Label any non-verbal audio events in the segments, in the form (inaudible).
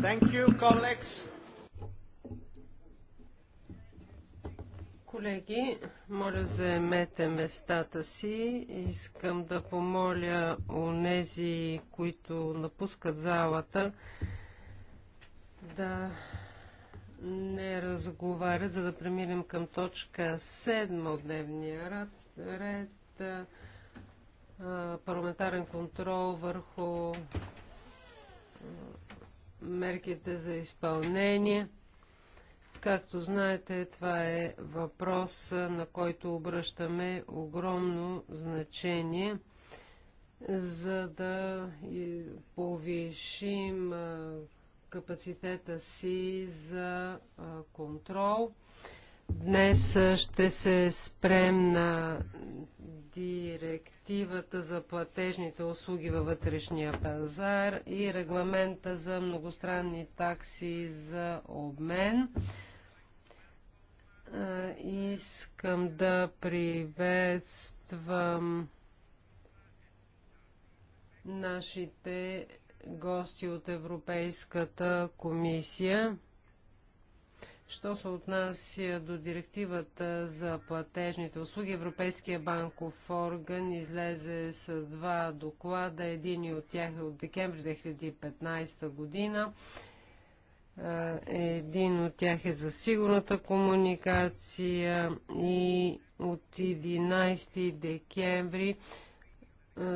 You, Колеги, моля заемете местата си. Искам да помоля нези, които напускат залата, да не разговарят, за да преминем към точка 7 от дневния ред. ред парламентарен контрол върху мерките за изпълнение. Както знаете, това е въпрос, на който обръщаме огромно значение, за да повишим капацитета си за контрол Днес ще се спрем на директивата за платежните услуги във вътрешния пазар и регламента за многостранни такси за обмен. Искам да приветствам нашите гости от Европейската комисия. Що се отнася до директивата за платежните услуги, Европейския банков орган излезе с два доклада. Един от тях е от декември 2015 година. Е, един от тях е за сигурната комуникация и от 11 декември е,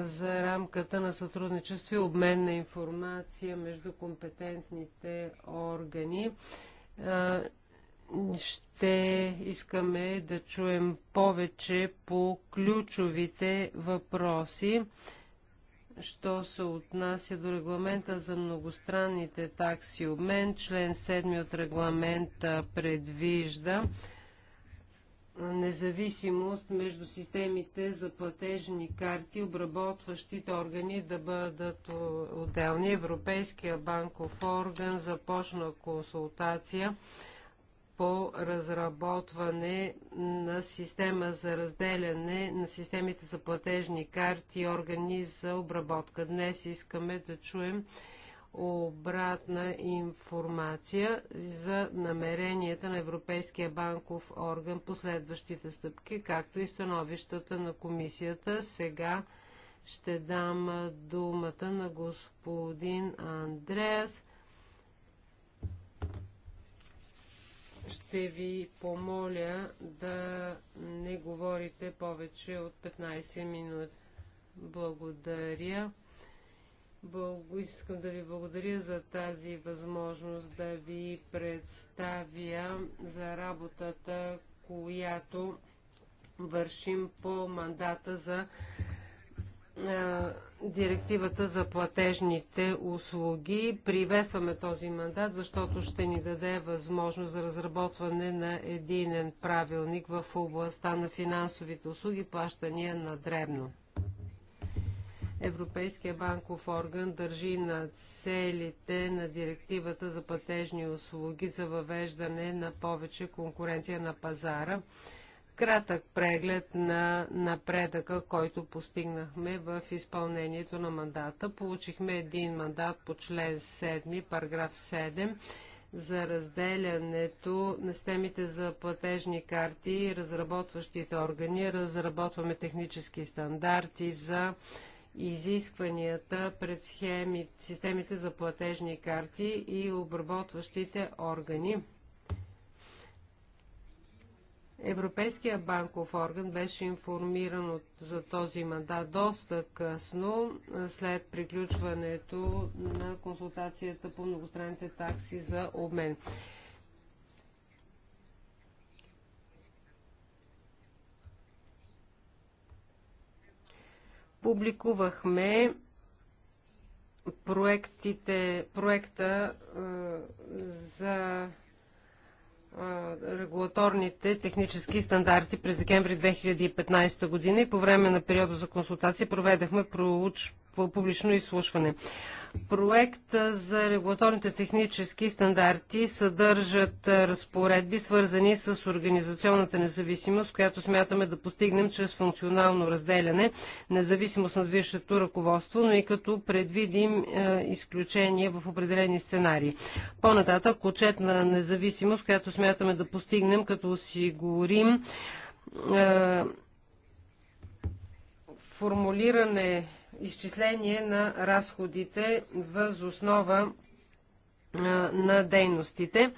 за рамката на сътрудничество и обмен на информация между компетентните органи ще искаме да чуем повече по ключовите въпроси, що се отнася до регламента за многостранните такси обмен. Член 7 от регламента предвижда независимост между системите за платежни карти, обработващите органи да бъдат отделни. Европейския банков орган започна консултация по разработване на система за разделяне на системите за платежни карти и органи за обработка. Днес искаме да чуем обратна информация за намеренията на Европейския банков орган последващите стъпки, както и становищата на комисията. Сега ще дам думата на господин Андреас. Ще ви помоля да не говорите повече от 15 минути. Благодаря. Благо, искам да ви благодаря за тази възможност да ви представя за работата, която вършим по мандата за а, директивата за платежните услуги. Приветстваме този мандат, защото ще ни даде възможност за разработване на единен правилник в областта на финансовите услуги, плащания на дребно. Европейския банков орган държи на целите на директивата за платежни услуги за въвеждане на повече конкуренция на пазара. Кратък преглед на напредъка, който постигнахме в изпълнението на мандата. Получихме един мандат по член 7, параграф 7 за разделянето на системите за платежни карти и разработващите органи. Разработваме технически стандарти за изискванията пред схеми, системите за платежни карти и обработващите органи. Европейския банков орган беше информиран от, за този мандат доста късно, след приключването на консултацията по многостранните такси за обмен. публикувахме проектите, проекта а, за а, регулаторните технически стандарти през декември 2015 година и по време на периода за консултации проведахме проуч, публично изслушване. Проект за регулаторните технически стандарти съдържат разпоредби, свързани с организационната независимост, която смятаме да постигнем чрез функционално разделяне, независимост на висшето ръководство, но и като предвидим изключения в определени сценарии. По-нататък на независимост, която смятаме да постигнем, като осигурим формулиране изчисление на разходите въз основа на дейностите.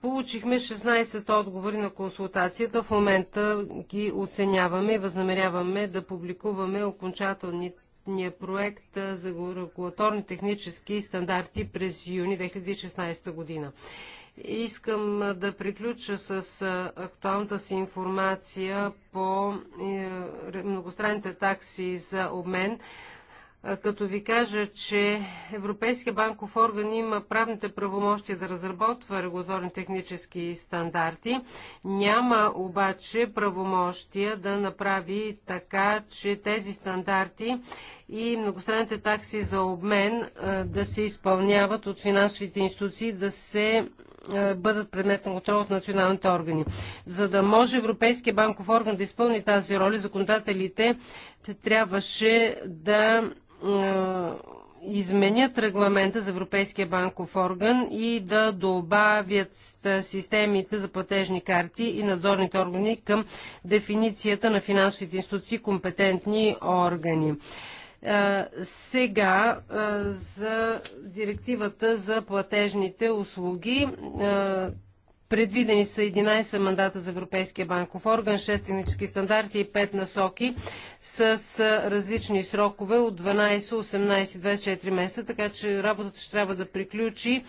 Получихме 16 отговори на консултацията. В момента ги оценяваме и възнамеряваме да публикуваме окончателния проект за регулаторни технически стандарти през юни 2016 година. Искам да приключа с актуалната си информация по е, многостранните такси за обмен като ви кажа, че Европейския банков орган има правните правомощи да разработва регулаторни технически стандарти, няма обаче правомощия да направи така, че тези стандарти и многостранните такси за обмен да се изпълняват от финансовите институции, да се е, бъдат предмет на контрол от националните органи. За да може Европейския банков орган да изпълни тази роля, законодателите трябваше да е, изменят регламента за Европейския банков орган и да добавят е, системите за платежни карти и надзорните органи към дефиницията на финансовите институции компетентни органи. Сега за директивата за платежните услуги. Предвидени са 11 мандата за Европейския банков орган, 6 технически стандарти и 5 насоки с различни срокове от 12, 18, 24 месеца, така че работата ще трябва да приключи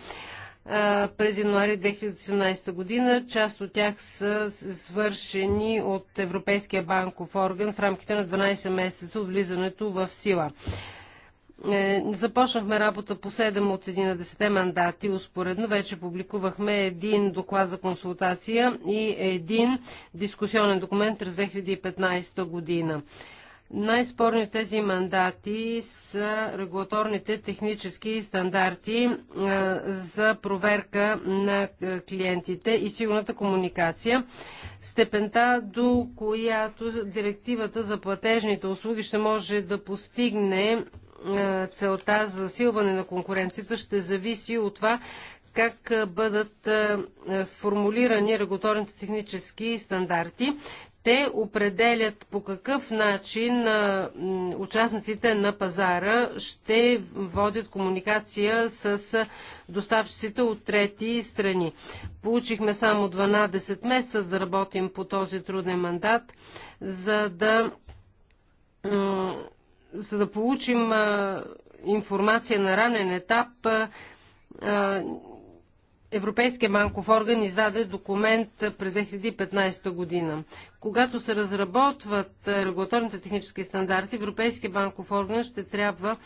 през януари 2018 година. Част от тях са свършени от Европейския банков орган в рамките на 12 месеца от влизането в сила. Е, започнахме работа по 7 от 11 мандати. Успоредно вече публикувахме един доклад за консултация и един дискусионен документ през 2015 година. Най-спорни тези мандати са регулаторните технически стандарти за проверка на клиентите и сигурната комуникация. Степента, до която директивата за платежните услуги ще може да постигне целта за засилване на конкуренцията, ще зависи от това как бъдат формулирани регулаторните технически стандарти те определят по какъв начин участниците на пазара ще водят комуникация с доставчиците от трети страни. Получихме само 12 месеца за да работим по този труден мандат, за да, за да получим информация на ранен етап Европейския банков орган издаде документ през 2015 година. Когато се разработват е, регулаторните технически стандарти, Европейския банков орган ще трябва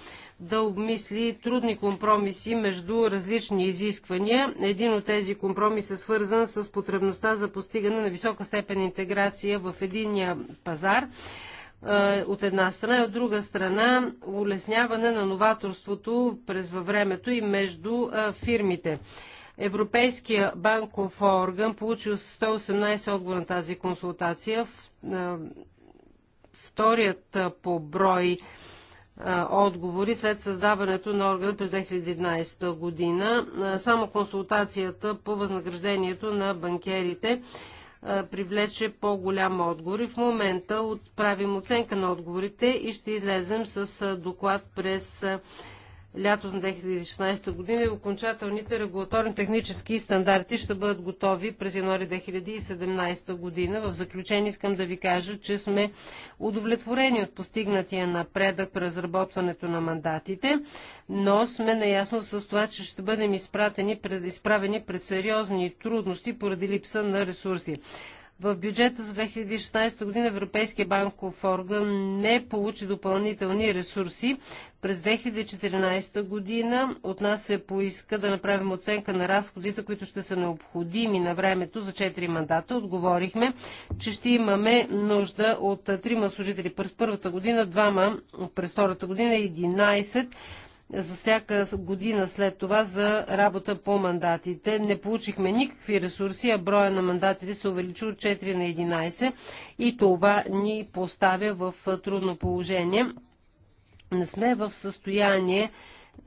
да обмисли трудни компромиси между различни изисквания. Един от тези компромиси е свързан с потребността за постигане на висока степен интеграция в единия пазар е, от една страна и от друга страна улесняване на новаторството през във времето и между е, фирмите. Европейския банков орган получил 118 отговор на тази консултация. Вторият по брой отговори след създаването на органа през 2011 година. Само консултацията по възнаграждението на банкерите привлече по-голям отговор и в момента отправим оценка на отговорите и ще излезем с доклад през Лято на 2016 година и окончателните регулаторни технически стандарти ще бъдат готови през януари 2017 година. В заключение искам да ви кажа, че сме удовлетворени от постигнатия напредък при разработването на мандатите, но сме наясно с това, че ще бъдем изпратени пред, изправени пред сериозни трудности поради липса на ресурси. В бюджета за 2016 година Европейския банков орган не получи допълнителни ресурси през 2014 година от нас се поиска да направим оценка на разходите, които ще са необходими на времето за 4 мандата. Отговорихме, че ще имаме нужда от 3 служители през първата година, 2 през втората година и 11 за всяка година след това за работа по мандатите. Не получихме никакви ресурси, а броя на мандатите се увеличи от 4 на 11 и това ни поставя в трудно положение не сме в състояние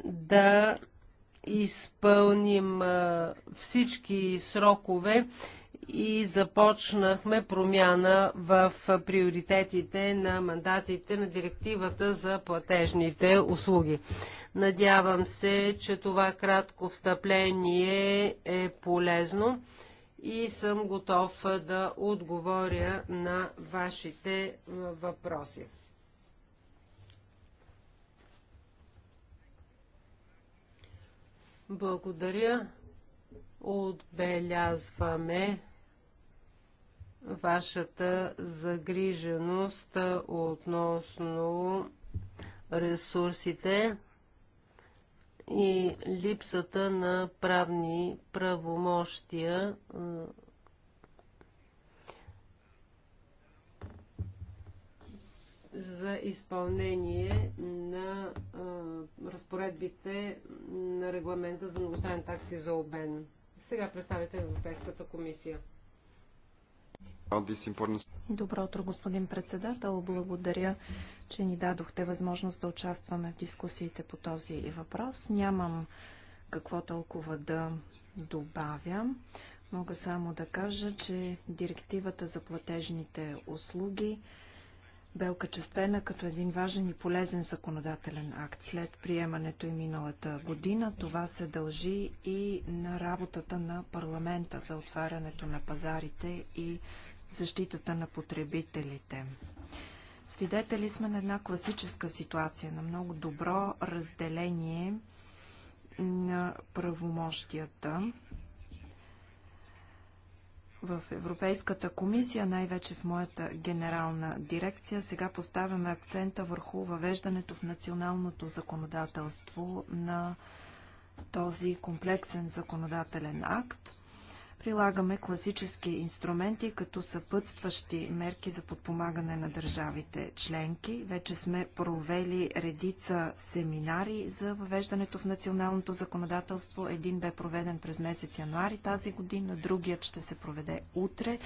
да изпълним всички срокове и започнахме промяна в приоритетите на мандатите на директивата за платежните услуги. Надявам се, че това кратко встъпление е полезно и съм готов да отговоря на вашите въпроси. Благодаря. Отбелязваме вашата загриженост относно ресурсите и липсата на правни правомощия за изпълнение на а, разпоредбите на регламента за многостранен такси за обмен. Сега представите Европейската комисия. Добро утро, господин председател. Благодаря, че ни дадохте възможност да участваме в дискусиите по този въпрос. Нямам какво толкова да добавя. Мога само да кажа, че директивата за платежните услуги бе окачествена като един важен и полезен законодателен акт след приемането и миналата година. Това се дължи и на работата на парламента за отварянето на пазарите и защитата на потребителите. Свидетели сме на една класическа ситуация, на много добро разделение на правомощията. В Европейската комисия, най-вече в моята генерална дирекция, сега поставяме акцента върху въвеждането в националното законодателство на този комплексен законодателен акт – Прилагаме класически инструменти като съпътстващи мерки за подпомагане на държавите членки. Вече сме провели редица семинари за въвеждането в националното законодателство. Един бе проведен през месец януари тази година, другият ще се проведе утре.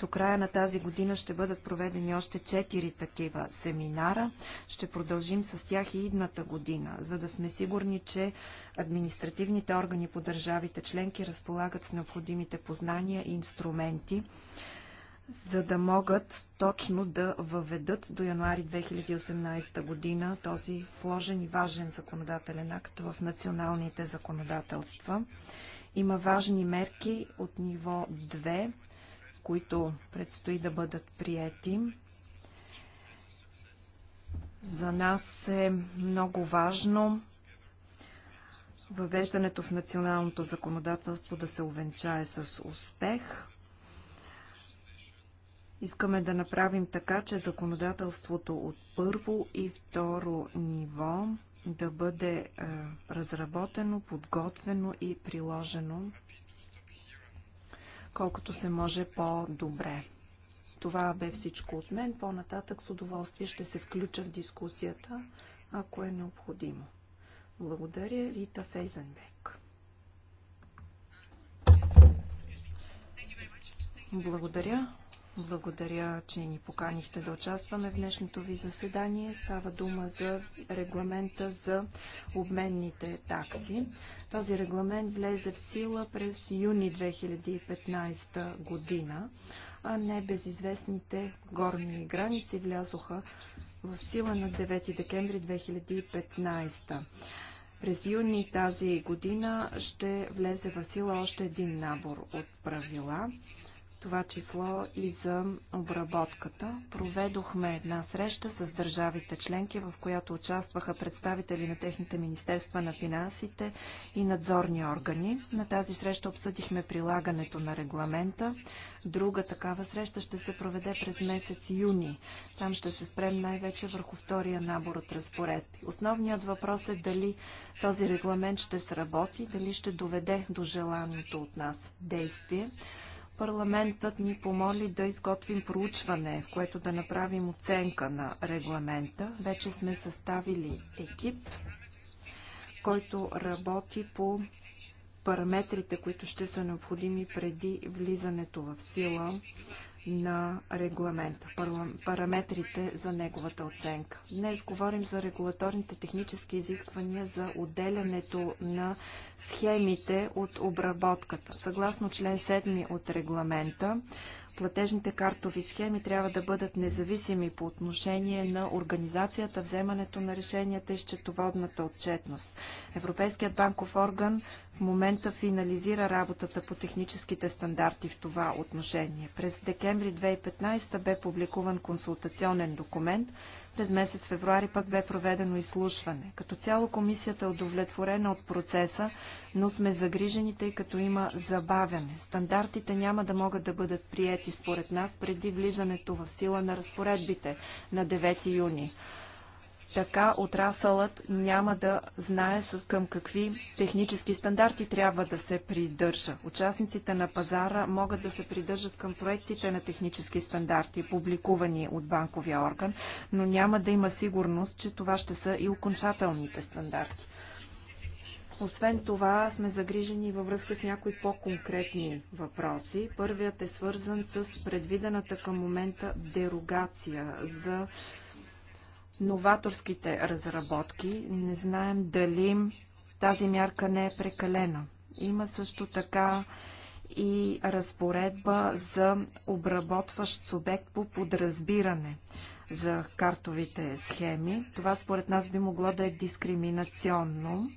До края на тази година ще бъдат проведени още четири такива семинара. Ще продължим с тях и идната година, за да сме сигурни, че административните органи по държавите членки разполагат с необходимите познания и инструменти, за да могат точно да въведат до януари 2018 година този сложен и важен законодателен акт в националните законодателства. Има важни мерки от ниво 2, които предстои да бъдат приети. За нас е много важно въвеждането в националното законодателство да се увенчае с успех. Искаме да направим така, че законодателството от първо и второ ниво да бъде е, разработено, подготвено и приложено колкото се може по-добре. Това бе всичко от мен. По-нататък с удоволствие ще се включа в дискусията, ако е необходимо. Благодаря, Рита Фейзенбек. Благодаря. Благодаря, че ни поканихте да участваме в днешното ви заседание. Става дума за регламента за обменните такси. Този регламент влезе в сила през юни 2015 година, а небезизвестните горни граници влязоха в сила на 9 декември 2015. През юни тази година ще влезе в сила още един набор от правила това число и за обработката. Проведохме една среща с държавите членки, в която участваха представители на техните Министерства на финансите и надзорни органи. На тази среща обсъдихме прилагането на регламента. Друга такава среща ще се проведе през месец юни. Там ще се спрем най-вече върху втория набор от разпоредби. Основният въпрос е дали този регламент ще сработи, дали ще доведе до желаното от нас действие парламентът ни помоли да изготвим проучване, в което да направим оценка на регламента. Вече сме съставили екип, който работи по параметрите, които ще са необходими преди влизането в сила на регламента, параметрите за неговата оценка. Днес говорим за регулаторните технически изисквания за отделянето на схемите от обработката. Съгласно член 7 от регламента, платежните картови схеми трябва да бъдат независими по отношение на организацията, вземането на решенията и счетоводната отчетност. Европейският банков орган момента финализира работата по техническите стандарти в това отношение. През декември 2015 бе публикуван консултационен документ, през месец февруари пък бе проведено изслушване. Като цяло комисията е удовлетворена от процеса, но сме загрижени, тъй като има забавяне. Стандартите няма да могат да бъдат приети според нас преди влизането в сила на разпоредбите на 9 юни. Така отрасълът няма да знае с към какви технически стандарти трябва да се придържа. Участниците на пазара могат да се придържат към проектите на технически стандарти, публикувани от банковия орган, но няма да има сигурност, че това ще са и окончателните стандарти. Освен това, сме загрижени във връзка с някои по-конкретни въпроси. Първият е свързан с предвидената към момента дерогация за новаторските разработки. Не знаем дали тази мярка не е прекалена. Има също така и разпоредба за обработващ субект по подразбиране за картовите схеми. Това според нас би могло да е дискриминационно.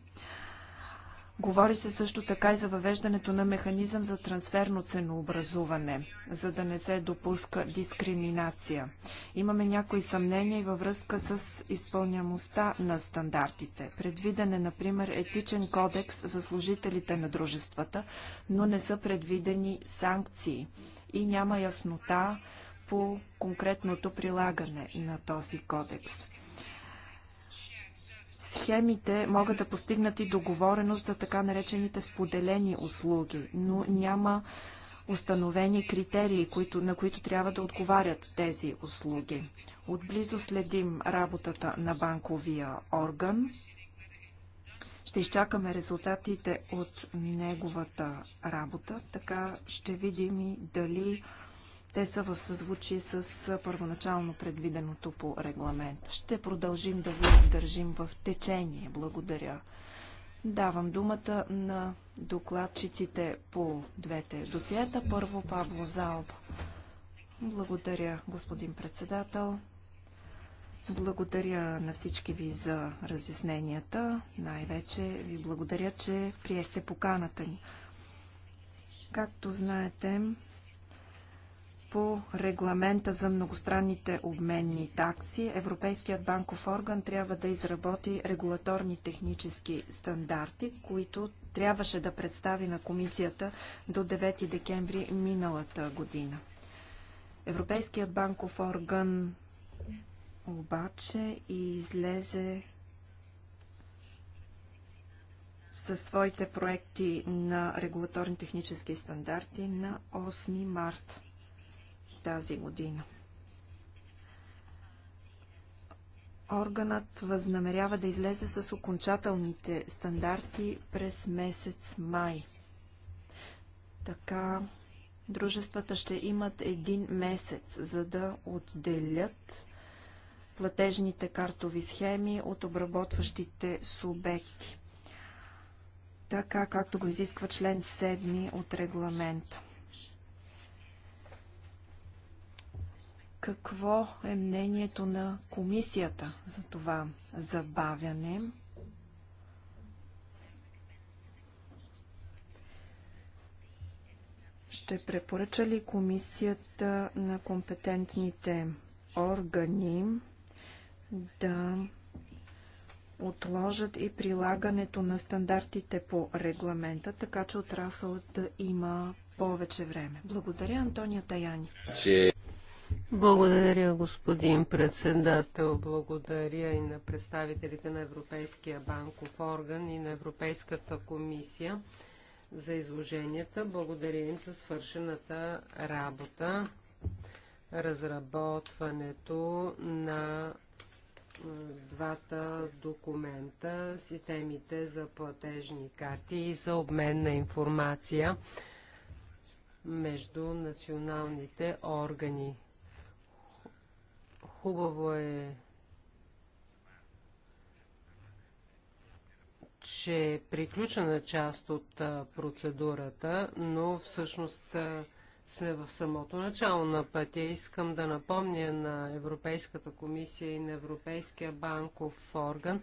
Говори се също така и за въвеждането на механизъм за трансферно ценообразуване, за да не се допуска дискриминация. Имаме някои съмнения и във връзка с изпълнямостта на стандартите. Предвиден е, например, етичен кодекс за служителите на дружествата, но не са предвидени санкции и няма яснота по конкретното прилагане на този кодекс схемите могат да постигнат и договореност за така наречените споделени услуги, но няма установени критерии, които, на които трябва да отговарят тези услуги. Отблизо следим работата на банковия орган. Ще изчакаме резултатите от неговата работа, така ще видим и дали те са в съзвучие с първоначално предвиденото по регламент. Ще продължим да ви държим в течение. Благодаря. Давам думата на докладчиците по двете досиета. Първо Павло Залб. Благодаря, господин председател. Благодаря на всички ви за разясненията. Най-вече ви благодаря, че приехте поканата ни. Както знаете, по регламента за многостранните обменни такси, Европейският банков орган трябва да изработи регулаторни технически стандарти, които трябваше да представи на комисията до 9 декември миналата година. Европейският банков орган обаче излезе със своите проекти на регулаторни технически стандарти на 8 март тази година. Органът възнамерява да излезе с окончателните стандарти през месец май. Така дружествата ще имат един месец, за да отделят платежните картови схеми от обработващите субекти, така както го изисква член 7 от регламента. Какво е мнението на комисията за това забавяне? ще препоръча ли комисията на компетентните органи да отложат и прилагането на стандартите по регламента, така че отрасълът да има повече време. Благодаря, Антония Таяни. Благодаря, господин председател. Благодаря и на представителите на Европейския банков орган и на Европейската комисия за изложенията. Благодаря им за свършената работа, разработването на двата документа, системите за платежни карти и за обмен на информация между националните органи. Хубаво е, че е приключена част от процедурата, но всъщност сме в самото начало на пътя. Искам да напомня на Европейската комисия и на Европейския банков орган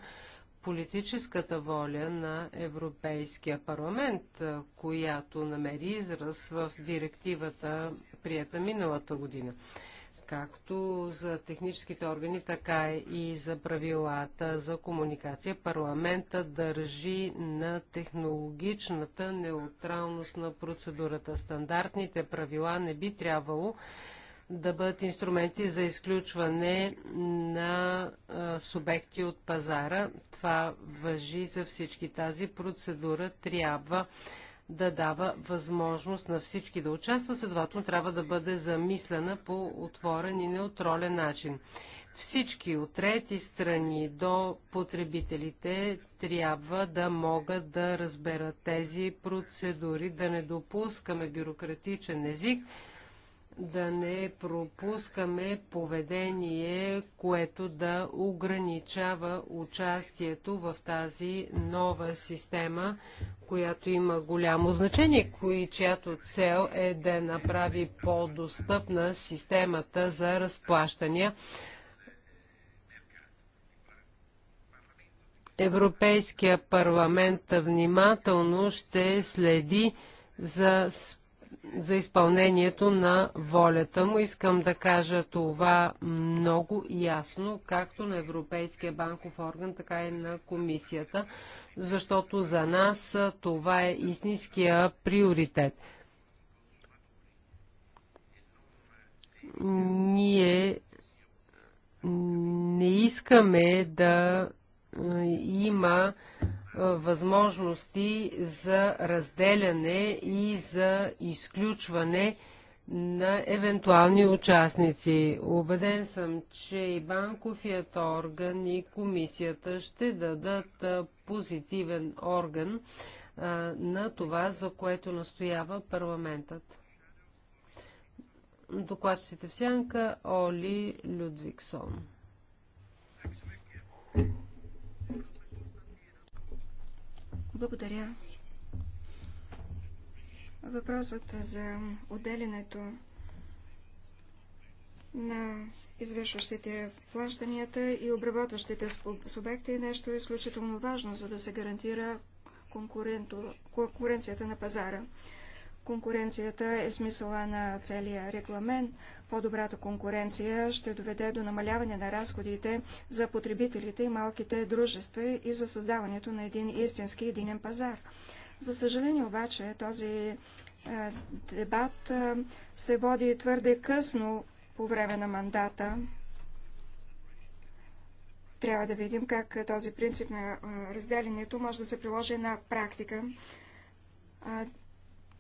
политическата воля на Европейския парламент, която намери израз в директивата, прията миналата година както за техническите органи, така и за правилата за комуникация. Парламента държи на технологичната неутралност на процедурата. Стандартните правила не би трябвало да бъдат инструменти за изключване на субекти от пазара. Това въжи за всички. Тази процедура трябва да дава възможност на всички да участват, следователно трябва да бъде замислена по отворен и неутролен начин. Всички от трети страни до потребителите трябва да могат да разберат тези процедури, да не допускаме бюрократичен език, да не пропускаме поведение, което да ограничава участието в тази нова система, която има голямо значение, кои, чиято цел е да направи по-достъпна системата за разплащания. Европейския парламент внимателно ще следи за спорта за изпълнението на волята му. Искам да кажа това много ясно, както на Европейския банков орган, така и на комисията, защото за нас това е истинския приоритет. Ние не искаме да има възможности за разделяне и за изключване на евентуални участници. Убеден съм, че и банковият орган и комисията ще дадат позитивен орган на това, за което настоява парламентът. Докладчите в сянка Оли Людвигсон. Благодаря. Въпросът за отделянето на извършващите плащанията и обработващите субекти е нещо изключително важно, за да се гарантира конкуренцията на пазара. Конкуренцията е смисъла на целия регламент. По-добрата конкуренция ще доведе до намаляване на разходите за потребителите и малките дружества и за създаването на един истински единен пазар. За съжаление обаче този дебат се води твърде късно по време на мандата. Трябва да видим как този принцип на разделението може да се приложи на практика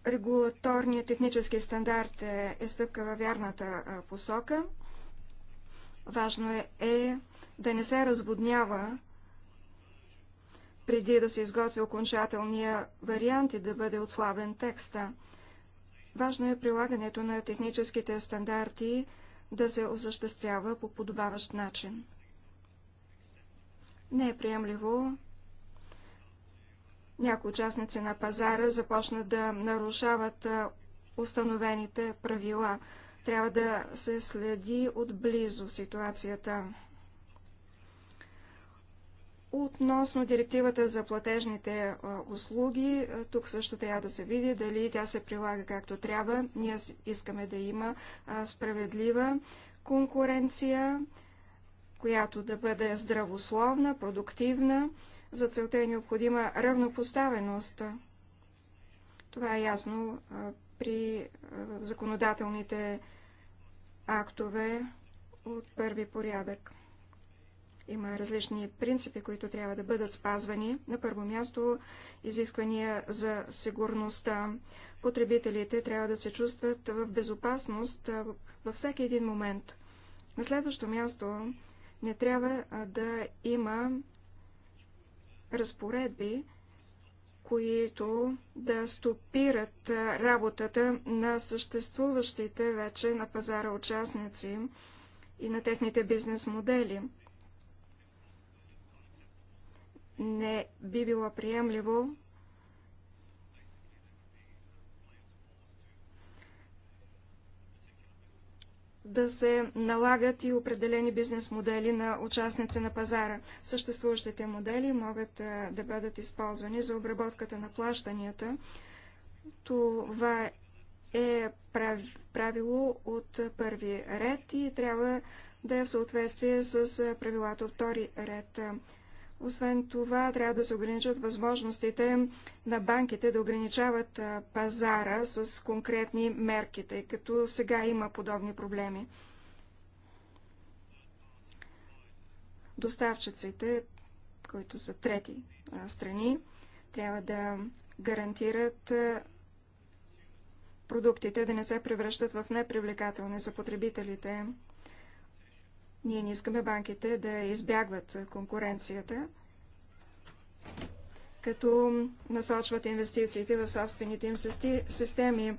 регулаторният технически стандарт е, е стъпка във вярната посока. Важно е, е да не се разводнява преди да се изготви окончателния вариант и да бъде отслабен текста. Важно е прилагането на техническите стандарти да се осъществява по подобаващ начин. Не е приемливо някои участници на пазара започнат да нарушават установените правила. Трябва да се следи отблизо ситуацията. Относно директивата за платежните услуги, тук също трябва да се види дали тя се прилага както трябва. Ние искаме да има справедлива конкуренция, която да бъде здравословна, продуктивна. За целта е необходима равнопоставеност. Това е ясно при законодателните актове от първи порядък. Има различни принципи, които трябва да бъдат спазвани. На първо място изисквания за сигурността. Потребителите трябва да се чувстват в безопасност във всеки един момент. На следващо място не трябва да има разпоредби, които да стопират работата на съществуващите вече на пазара участници и на техните бизнес модели. Не би било приемливо да се налагат и определени бизнес модели на участници на пазара. Съществуващите модели могат да бъдат използвани за обработката на плащанията. Това е правило от първи ред и трябва да е в съответствие с правилата от втори ред. Освен това, трябва да се ограничат възможностите на банките да ограничават пазара с конкретни мерки, тъй като сега има подобни проблеми. Доставчиците, които са трети страни, трябва да гарантират продуктите да не се превръщат в непривлекателни за потребителите. Ние не искаме банките да избягват конкуренцията, като насочват инвестициите в собствените им системи.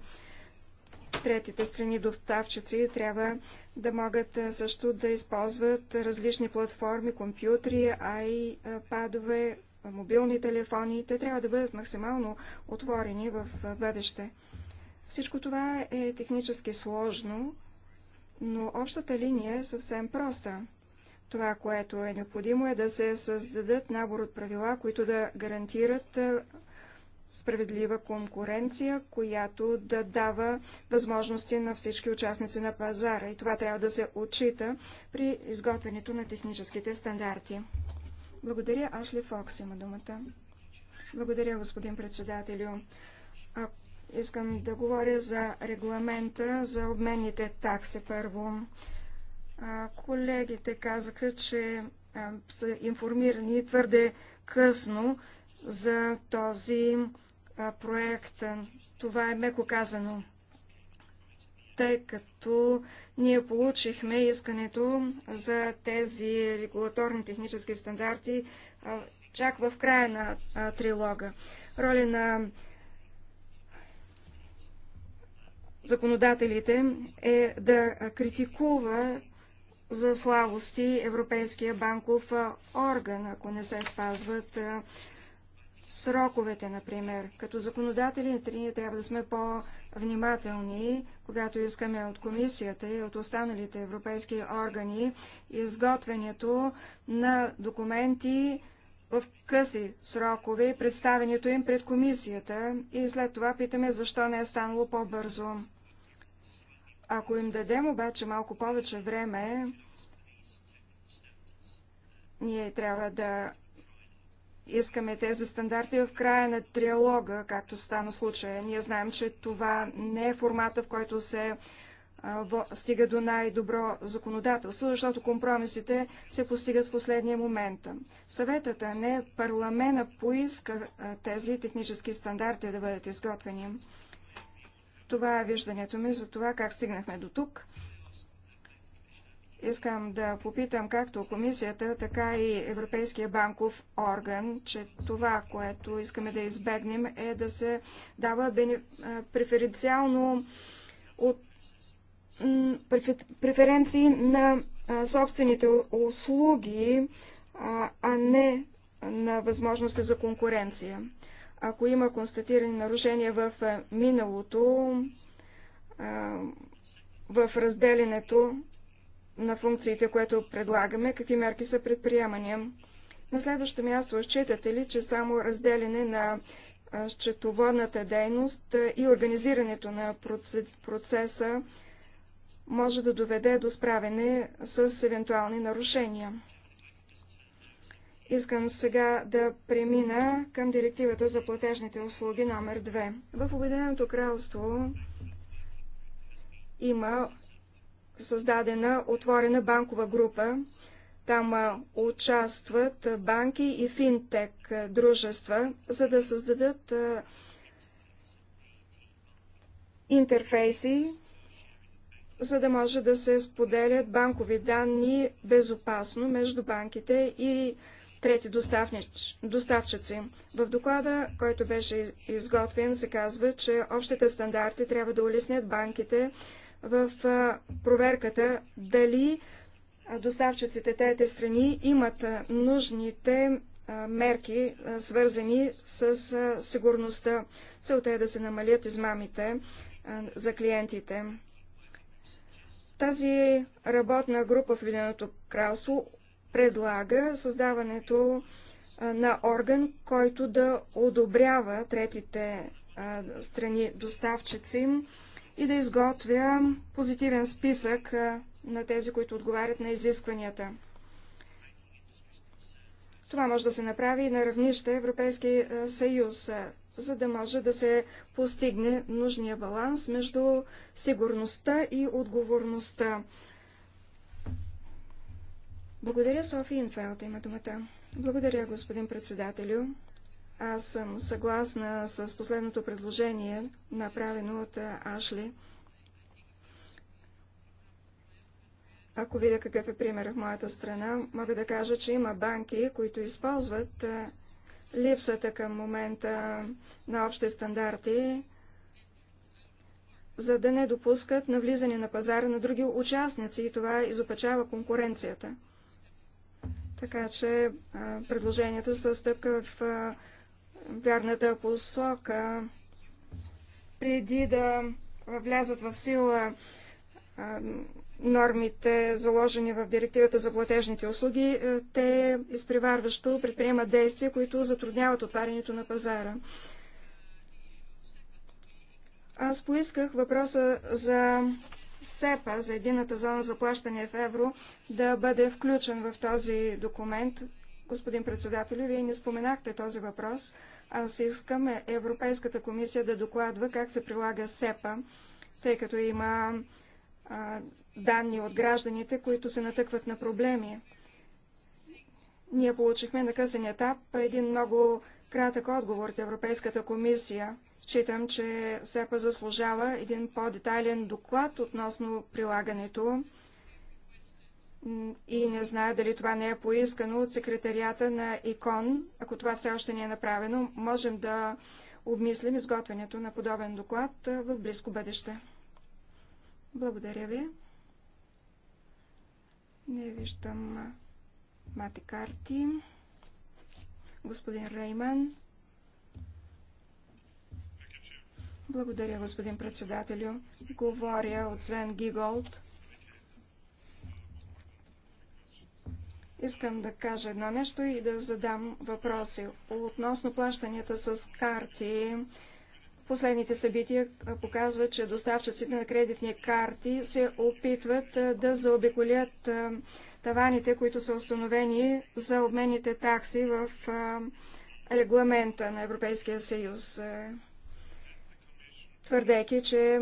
Третите страни доставчици трябва да могат също да използват различни платформи, компютри, iPad-ове, мобилни телефони. Те трябва да бъдат максимално отворени в бъдеще. Всичко това е технически сложно, но общата линия е съвсем проста. Това, което е необходимо е да се създадат набор от правила, които да гарантират справедлива конкуренция, която да дава възможности на всички участници на пазара. И това трябва да се отчита при изготвянето на техническите стандарти. Благодаря. Ашли Фокс има думата. Благодаря, господин председателю. Ако Искам да говоря за регламента за обменните такси първо. Колегите казаха, че са информирани твърде късно за този проект. Това е меко казано, тъй като ние получихме искането за тези регулаторни технически стандарти чак в края на трилога. Роля на законодателите е да критикува за слабости Европейския банков орган, ако не се спазват сроковете, например. Като законодатели ние трябва да сме по-внимателни, когато искаме от комисията и от останалите европейски органи изготвянето на документи, в къси срокове и представенето им пред комисията и след това питаме защо не е станало по-бързо. Ако им дадем обаче малко повече време, ние трябва да искаме тези стандарти в края на триалога, както стана случая. Ние знаем, че това не е формата, в който се стига до най-добро законодателство, защото компромисите се постигат в последния момент. Съветът, а не парламента, поиска тези технически стандарти да бъдат изготвени. Това е виждането ми за това как стигнахме до тук. Искам да попитам както комисията, така и Европейския банков орган, че това, което искаме да избегнем е да се дава преференциално от преференции на собствените услуги, а не на възможности за конкуренция. Ако има констатирани нарушения в миналото, в разделенето на функциите, което предлагаме, какви мерки са предприемания. На следващо място, считате ли, че само разделяне на счетоводната дейност и организирането на процеса може да доведе до справене с евентуални нарушения. Искам сега да премина към директивата за платежните услуги номер 2. В Обединеното кралство има създадена отворена банкова група. Там участват банки и финтек дружества, за да създадат интерфейси за да може да се споделят банкови данни безопасно между банките и трети доставчици. В доклада, който беше изготвен, се казва, че общите стандарти трябва да улеснят банките в проверката дали доставчиците тези страни имат нужните мерки, свързани с сигурността. Целта е да се намалят измамите за клиентите. Тази работна група в Леденото кралство предлага създаването на орган, който да одобрява третите страни доставчици и да изготвя позитивен списък на тези, които отговарят на изискванията. Това може да се направи и на равнище Европейски съюз за да може да се постигне нужния баланс между сигурността и отговорността. Благодаря, Софи Инфелд има думата. Благодаря, господин председателю. Аз съм съгласна с последното предложение, направено от Ашли. Ако видя какъв е пример в моята страна, мога да кажа, че има банки, които използват липсата към момента на общи стандарти, за да не допускат навлизане на пазара на други участници и това изопачава конкуренцията. Така че предложението е са стъпка в вярната посока. Преди да влязат в сила нормите, заложени в директивата за платежните услуги, е, те изпреварващо предприемат действия, които затрудняват отварянето на пазара. Аз поисках въпроса за СЕПА, за едината зона за плащане в евро, да бъде включен в този документ. Господин председател, вие не споменахте този въпрос. Аз искам Европейската комисия да докладва как се прилага СЕПА, тъй като има данни от гражданите, които се натъкват на проблеми. Ние получихме на късен етап един много кратък отговор от Европейската комисия. Считам, че СЕПА заслужава един по-детайлен доклад относно прилагането и не знае дали това не е поискано от секретарията на ИКОН. Ако това все още не е направено, можем да обмислим изготвянето на подобен доклад в близко бъдеще. Благодаря ви. Не виждам мати карти. Господин Рейман. Благодаря, господин председателю. Говоря от Свен Гиголд. Искам да кажа едно нещо и да задам въпроси. Относно плащанията с карти, Последните събития показват, че доставчиците на кредитни карти се опитват да заобиколят таваните, които са установени за обменните такси в регламента на Европейския съюз, твърдейки, че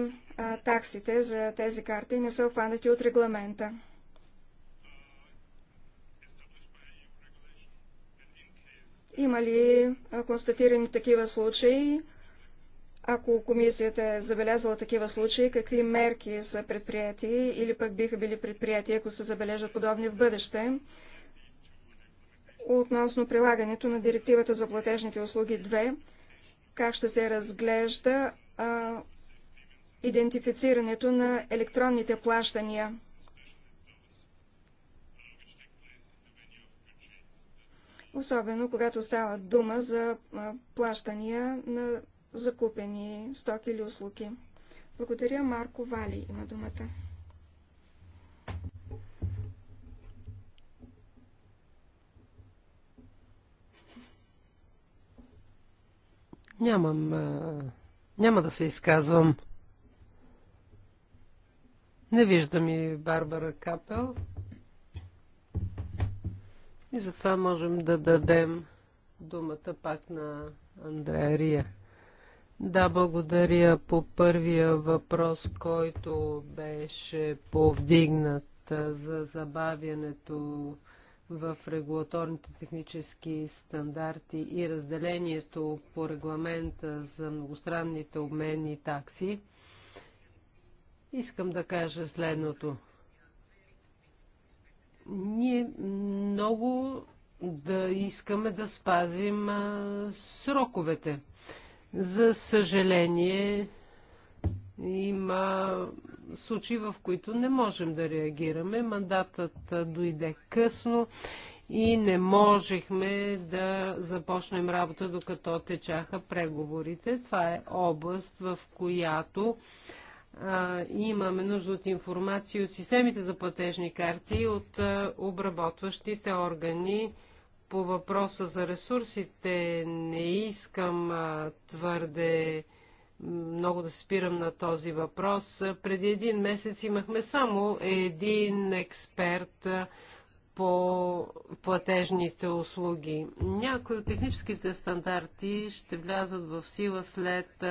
таксите за тези карти не са обхванати от регламента. Има ли констатирани такива случаи? Ако комисията е забелязала такива случаи, какви мерки са предприяти или пък биха били предприяти, ако се забележат подобни в бъдеще? Относно прилагането на директивата за платежните услуги 2, как ще се разглежда а, идентифицирането на електронните плащания? особено когато става дума за плащания на закупени стоки или услуги. Благодаря. Марко Вали има думата. Нямам. Няма да се изказвам. Не виждам и Барбара Капел. И затова можем да дадем думата пак на Андрея Рия. Да, благодаря по първия въпрос, който беше повдигнат за забавянето в регулаторните технически стандарти и разделението по регламента за многостранните обменни такси. Искам да кажа следното. Ние много да искаме да спазим а, сроковете. За съжаление, има случаи, в които не можем да реагираме. Мандатът дойде късно и не можехме да започнем работа, докато течаха преговорите. Това е област, в която а, имаме нужда от информация от системите за платежни карти и от а, обработващите органи. По въпроса за ресурсите не искам а, твърде много да спирам на този въпрос. Преди един месец имахме само един експерт по платежните услуги. Някои от техническите стандарти ще влязат в сила след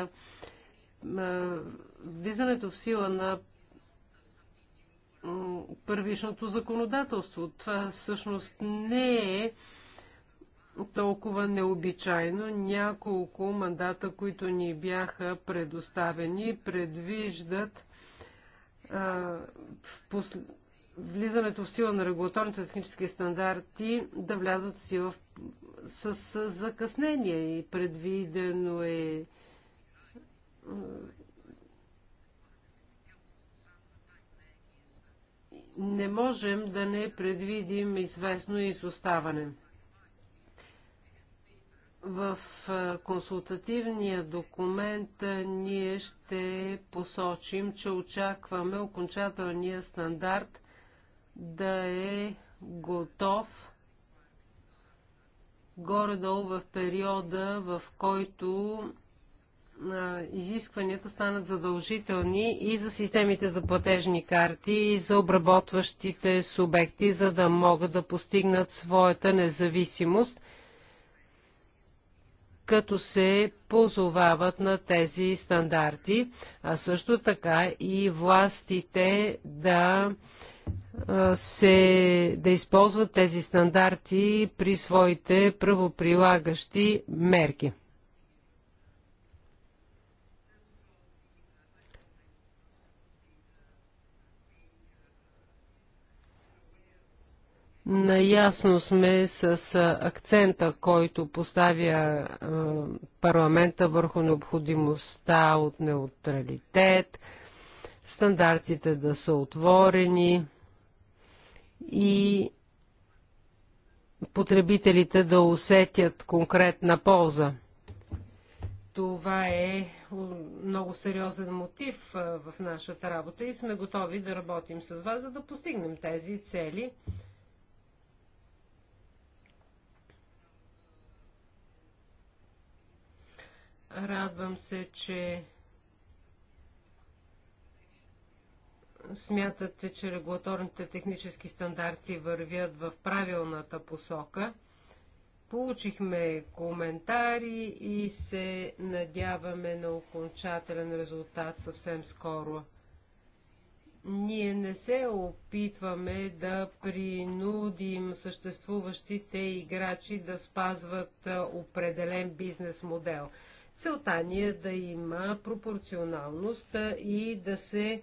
влизането в сила на първичното законодателство. Това всъщност не е толкова необичайно. Няколко мандата, които ни бяха предоставени, предвиждат а, в пос... влизането в сила на регулаторните технически стандарти да влязат в сила в... с, с закъснение и предвидено е не можем да не предвидим известно изоставане. В консултативния документ ние ще посочим, че очакваме окончателния стандарт да е готов горе-долу в периода, в който изискванията станат задължителни и за системите за платежни карти, и за обработващите субекти, за да могат да постигнат своята независимост – като се позовават на тези стандарти, а също така и властите да се, да използват тези стандарти при своите правоприлагащи мерки. Наясно сме с акцента, който поставя парламента върху необходимостта от неутралитет, стандартите да са отворени и потребителите да усетят конкретна полза. Това е много сериозен мотив в нашата работа и сме готови да работим с вас, за да постигнем тези цели. Радвам се, че смятате, че регулаторните технически стандарти вървят в правилната посока. Получихме коментари и се надяваме на окончателен резултат съвсем скоро. Ние не се опитваме да принудим съществуващите играчи да спазват определен бизнес модел. Целта ни е да има пропорционалност и да се е,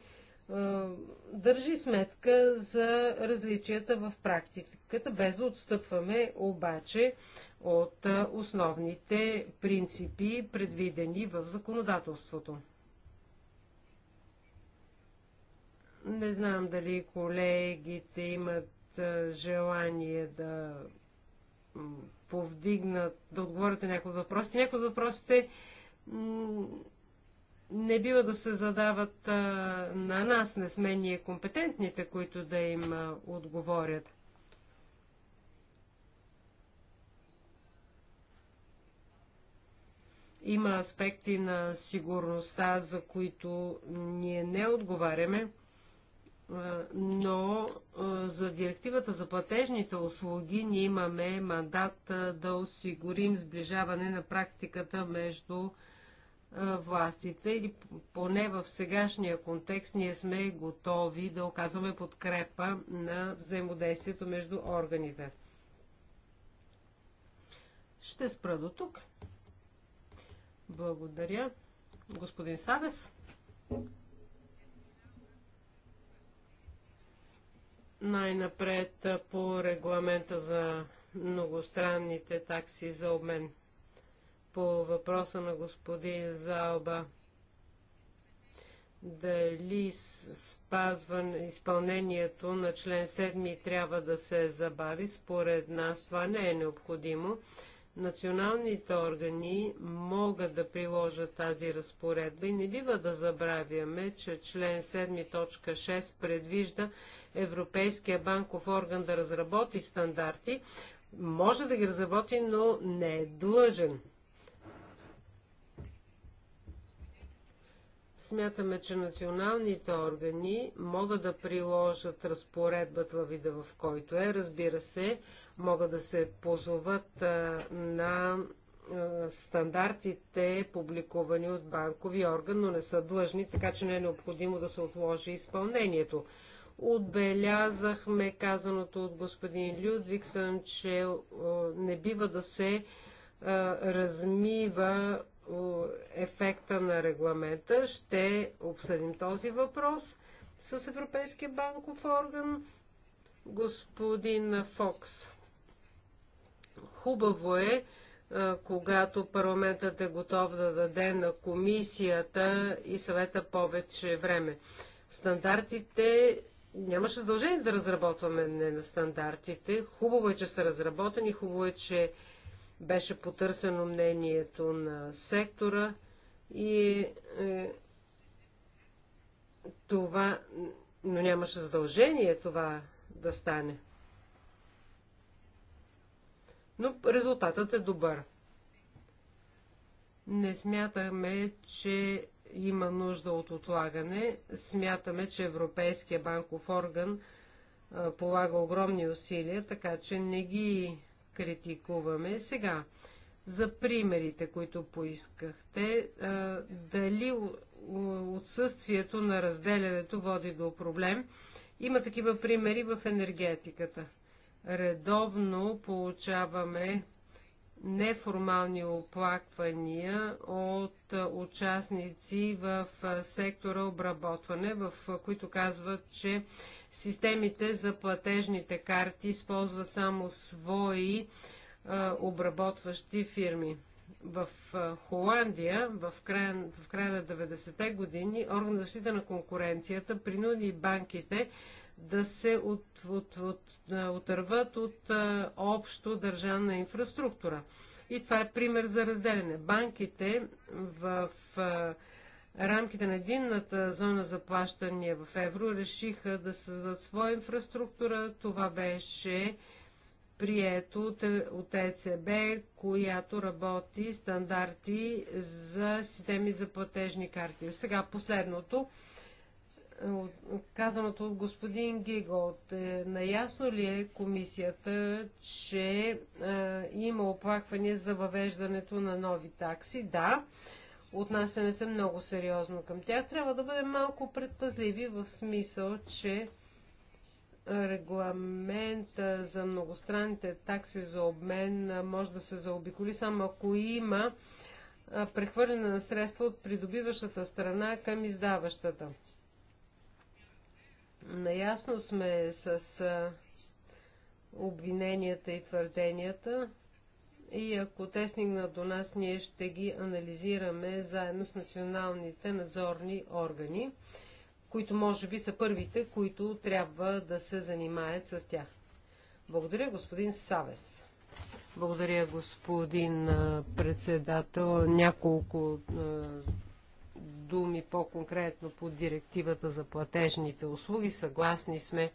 държи сметка за различията в практиката, без да отстъпваме обаче от основните принципи, предвидени в законодателството. Не знам дали колегите имат желание да повдигнат, да отговорите някои въпроси. Някои от въпросите не бива да се задават а, на нас, не сме ние компетентните, които да им а, отговорят. Има аспекти на сигурността, за които ние не отговаряме но за директивата за платежните услуги ние имаме мандат да осигурим сближаване на практиката между властите или поне в сегашния контекст ние сме готови да оказваме подкрепа на взаимодействието между органите. Ще спра до тук. Благодаря. Господин Савес. Най-напред по регламента за многостранните такси за обмен. По въпроса на господин Залба, дали спазване, изпълнението на член 7 трябва да се забави, според нас това не е необходимо. Националните органи могат да приложат тази разпоредба и не бива да забравяме, че член 7.6 предвижда Европейския банков орган да разработи стандарти, може да ги разработи, но не е длъжен. Смятаме, че националните органи могат да приложат разпоредбата във вида, в който е. Разбира се, могат да се позоват на стандартите, публикувани от банкови орган, но не са длъжни, така че не е необходимо да се отложи изпълнението. Отбелязахме казаното от господин Людвигсън, че е, не бива да се е, размива е, ефекта на регламента. Ще обсъдим този въпрос с Европейския банков орган. Господин Фокс, хубаво е, когато парламентът е готов да даде на комисията и съвета повече време. Стандартите нямаше задължение да разработваме не на стандартите. Хубаво е, че са разработени, хубаво е, че беше потърсено мнението на сектора и е, това, но нямаше задължение това да стане. Но резултатът е добър. Не смятаме, че има нужда от отлагане. Смятаме, че Европейския банков орган полага огромни усилия, така че не ги критикуваме. Сега, за примерите, които поискахте, дали отсъствието на разделянето води до проблем? Има такива примери в енергетиката. Редовно получаваме неформални оплаквания от участници в сектора обработване, в които казват, че системите за платежните карти използват само свои обработващи фирми. В Холандия, в края, в края на 90-те години, орган защита на конкуренцията принуди банките да се от, от, от, отърват от а, общо държавна инфраструктура. И това е пример за разделяне. Банките в а, рамките на единната зона за плащания в евро решиха да създадат своя инфраструктура. Това беше прието от, от ЕЦБ, която работи стандарти за системи за платежни карти. Сега последното казаното от господин Гиголт. Е, наясно ли е комисията, че а, е, има оплакване за въвеждането на нови такси? Да. Отнасяме се много сериозно към тях. Трябва да бъдем малко предпазливи в смисъл, че регламента за многостранните такси за обмен е, може да се заобиколи само ако има прехвърляне на средства от придобиващата страна към издаващата. Наясно сме с обвиненията и твърденията и ако те стигнат до нас, ние ще ги анализираме заедно с националните надзорни органи, които може би са първите, които трябва да се занимаят с тях. Благодаря, господин Савес. Благодаря, господин председател. Няколко думи по-конкретно по директивата за платежните услуги. Съгласни сме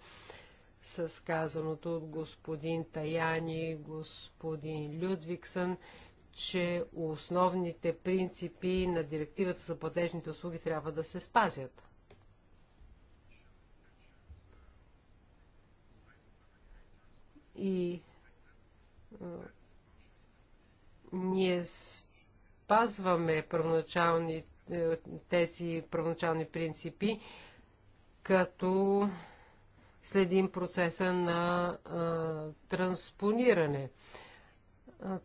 с казаното от господин Таяни, господин Людвиксън, че основните принципи на директивата за платежните услуги трябва да се спазят. И а, ние спазваме първоначалните е, тези първоначални принципи, като следим процеса на а, транспониране.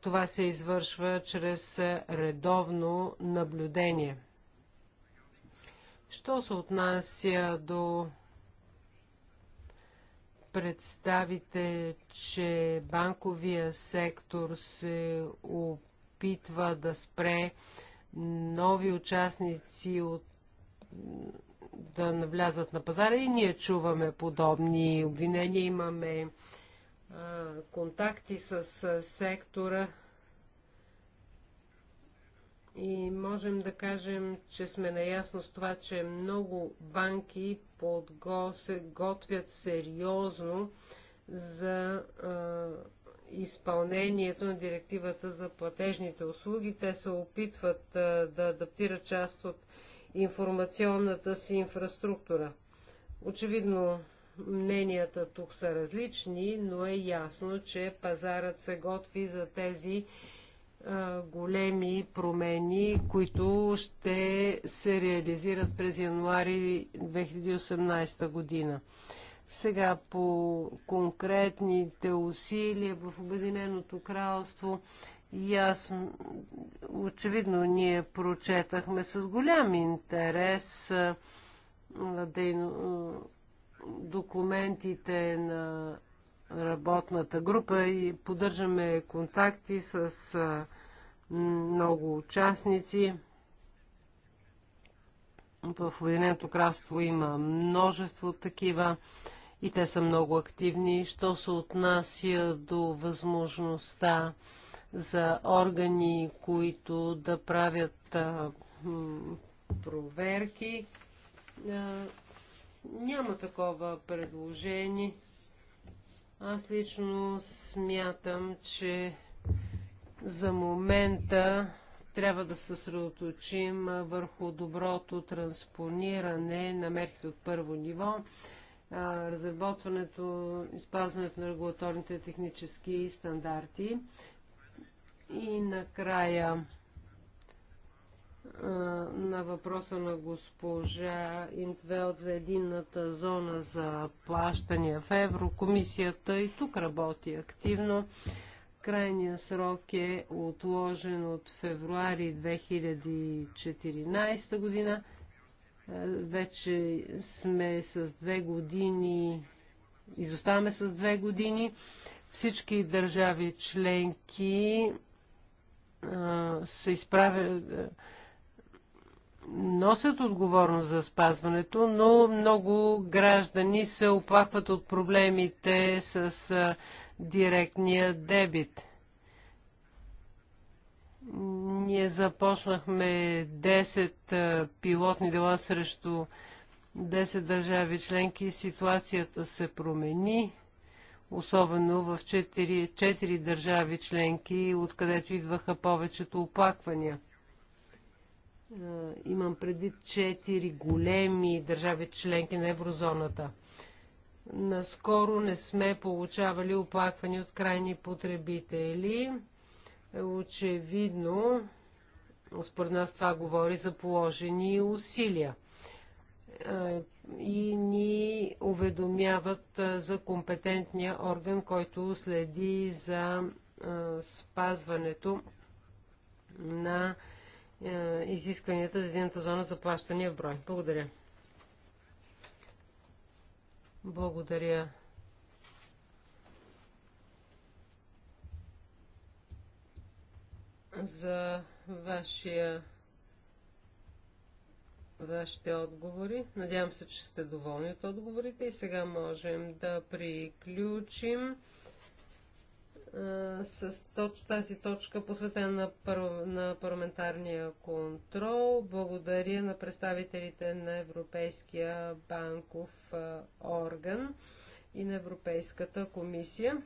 Това се извършва чрез редовно наблюдение. Що се отнася до представите, че банковия сектор се опитва да спре нови участници от, да навлязат на пазара и ние чуваме подобни обвинения. Имаме а, контакти с а, сектора и можем да кажем, че сме наясно с това, че много банки подго... се готвят сериозно за а, изпълнението на директивата за платежните услуги. Те се опитват да адаптират част от информационната си инфраструктура. Очевидно, мненията тук са различни, но е ясно, че пазарът се готви за тези големи промени, които ще се реализират през януари 2018 година. Сега по конкретните усилия в Обединеното кралство ясно, очевидно ние прочетахме с голям интерес документите на работната група и поддържаме контакти с много участници. В Обединеното кралство има множество такива и те са много активни. Що се отнася до възможността за органи, които да правят а, проверки, а, няма такова предложение. Аз лично смятам, че за момента трябва да се съсредоточим върху доброто транспониране на мерките от първо ниво разработването, спазването на регулаторните технически стандарти. И накрая на въпроса на госпожа Интвелт за единната зона за плащания в Еврокомисията и тук работи активно. Крайният срок е отложен от февруари 2014 година. Вече сме с две години, изоставаме с две години. Всички държави членки се изправят носят отговорност за спазването, но много граждани се оплакват от проблемите с директния дебит. Ние започнахме 10 пилотни дела срещу 10 държави членки. Ситуацията се промени, особено в 4, 4 държави членки, откъдето идваха повечето оплаквания. Имам предвид 4 големи държави членки на еврозоната. Наскоро не сме получавали оплаквания от крайни потребители. Очевидно, според нас това говори за положени усилия и ни уведомяват за компетентния орган, който следи за спазването на изискванията за едината зона за плащане в брой. Благодаря. Благодаря за вашия, вашите отговори. Надявам се, че сте доволни от отговорите и сега можем да приключим с точ, тази точка, посветена на, пар, на парламентарния контрол. Благодаря на представителите на Европейския банков а, орган и на Европейската комисия.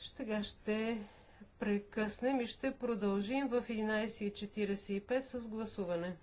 Сега ще прекъснем и ще продължим в 11.45 с гласуване.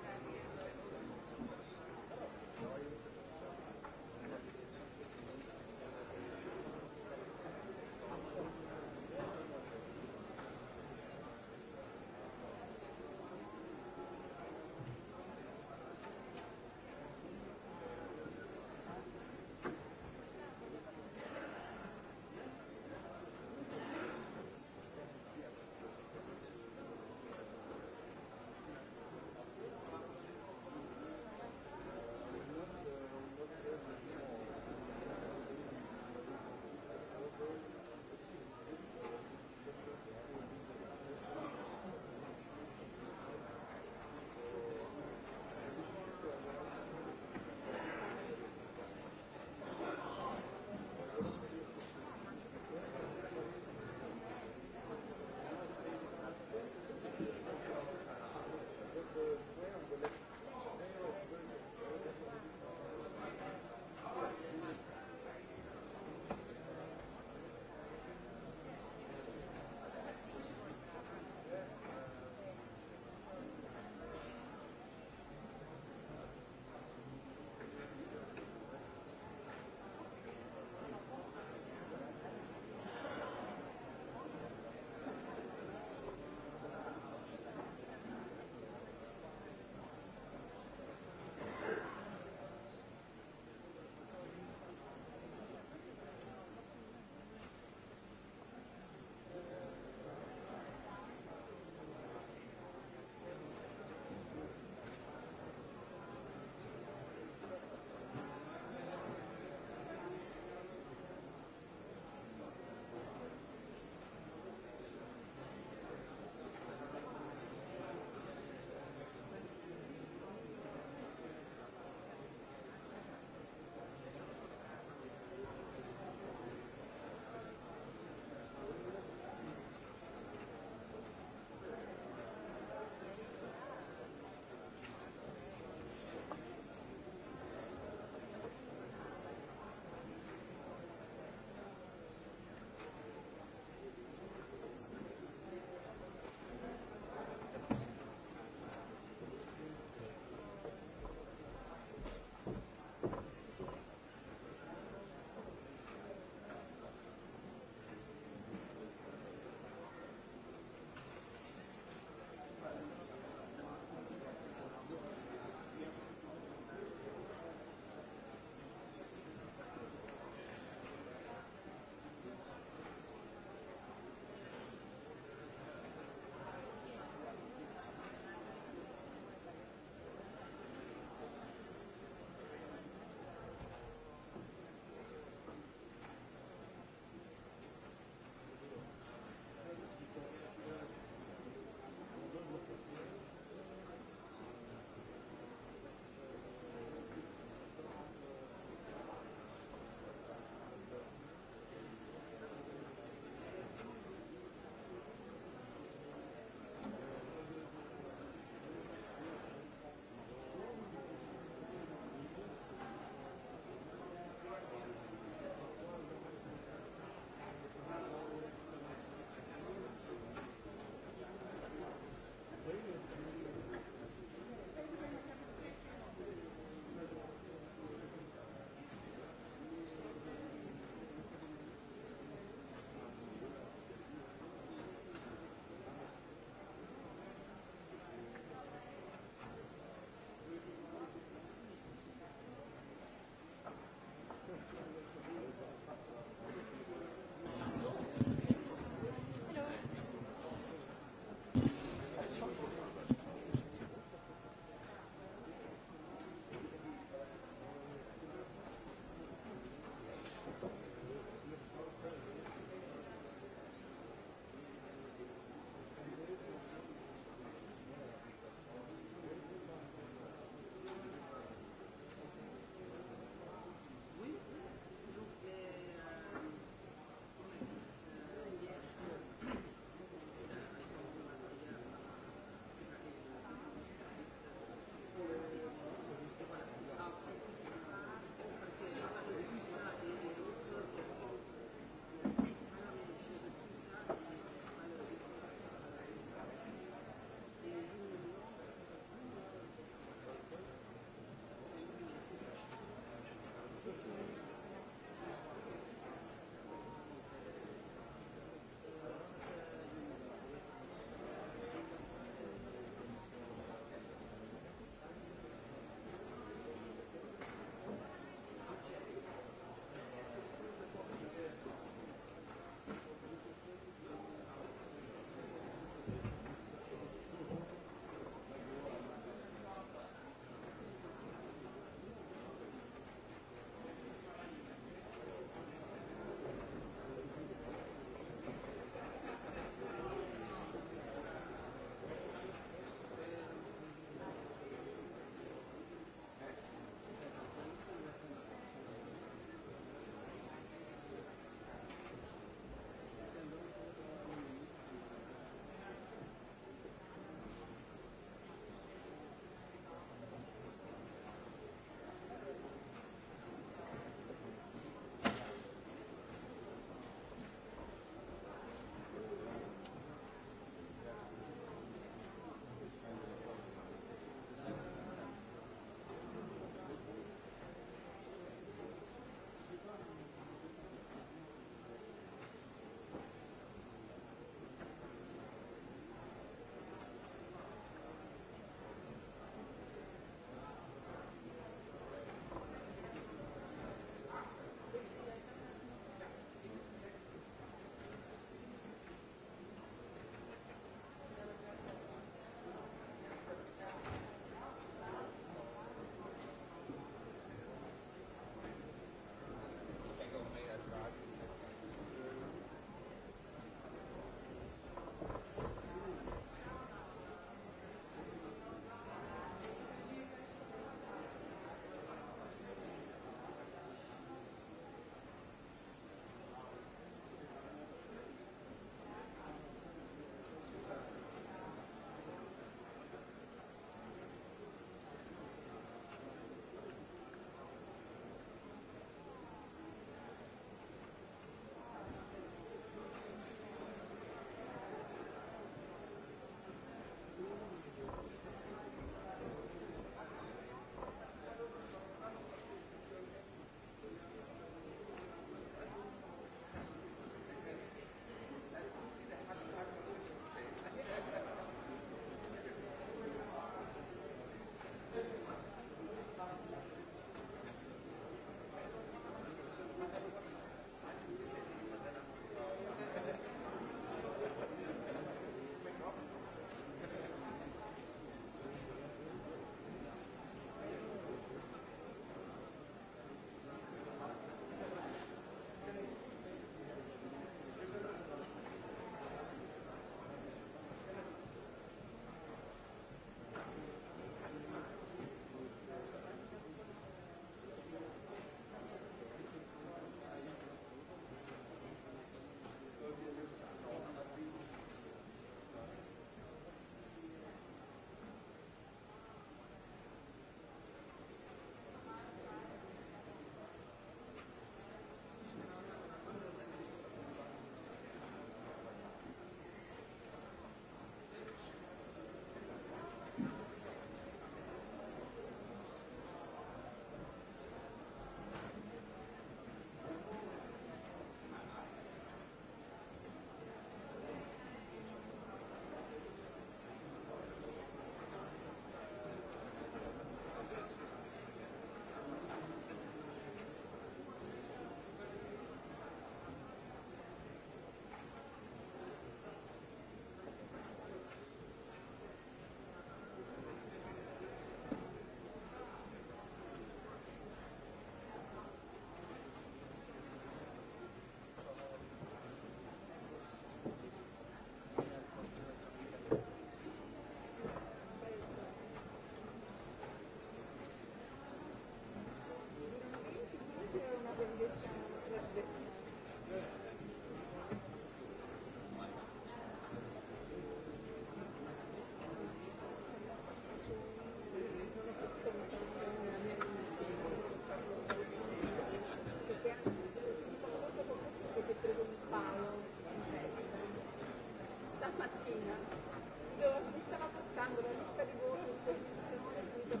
mattina dove mi stava portando la lista di voti in commissione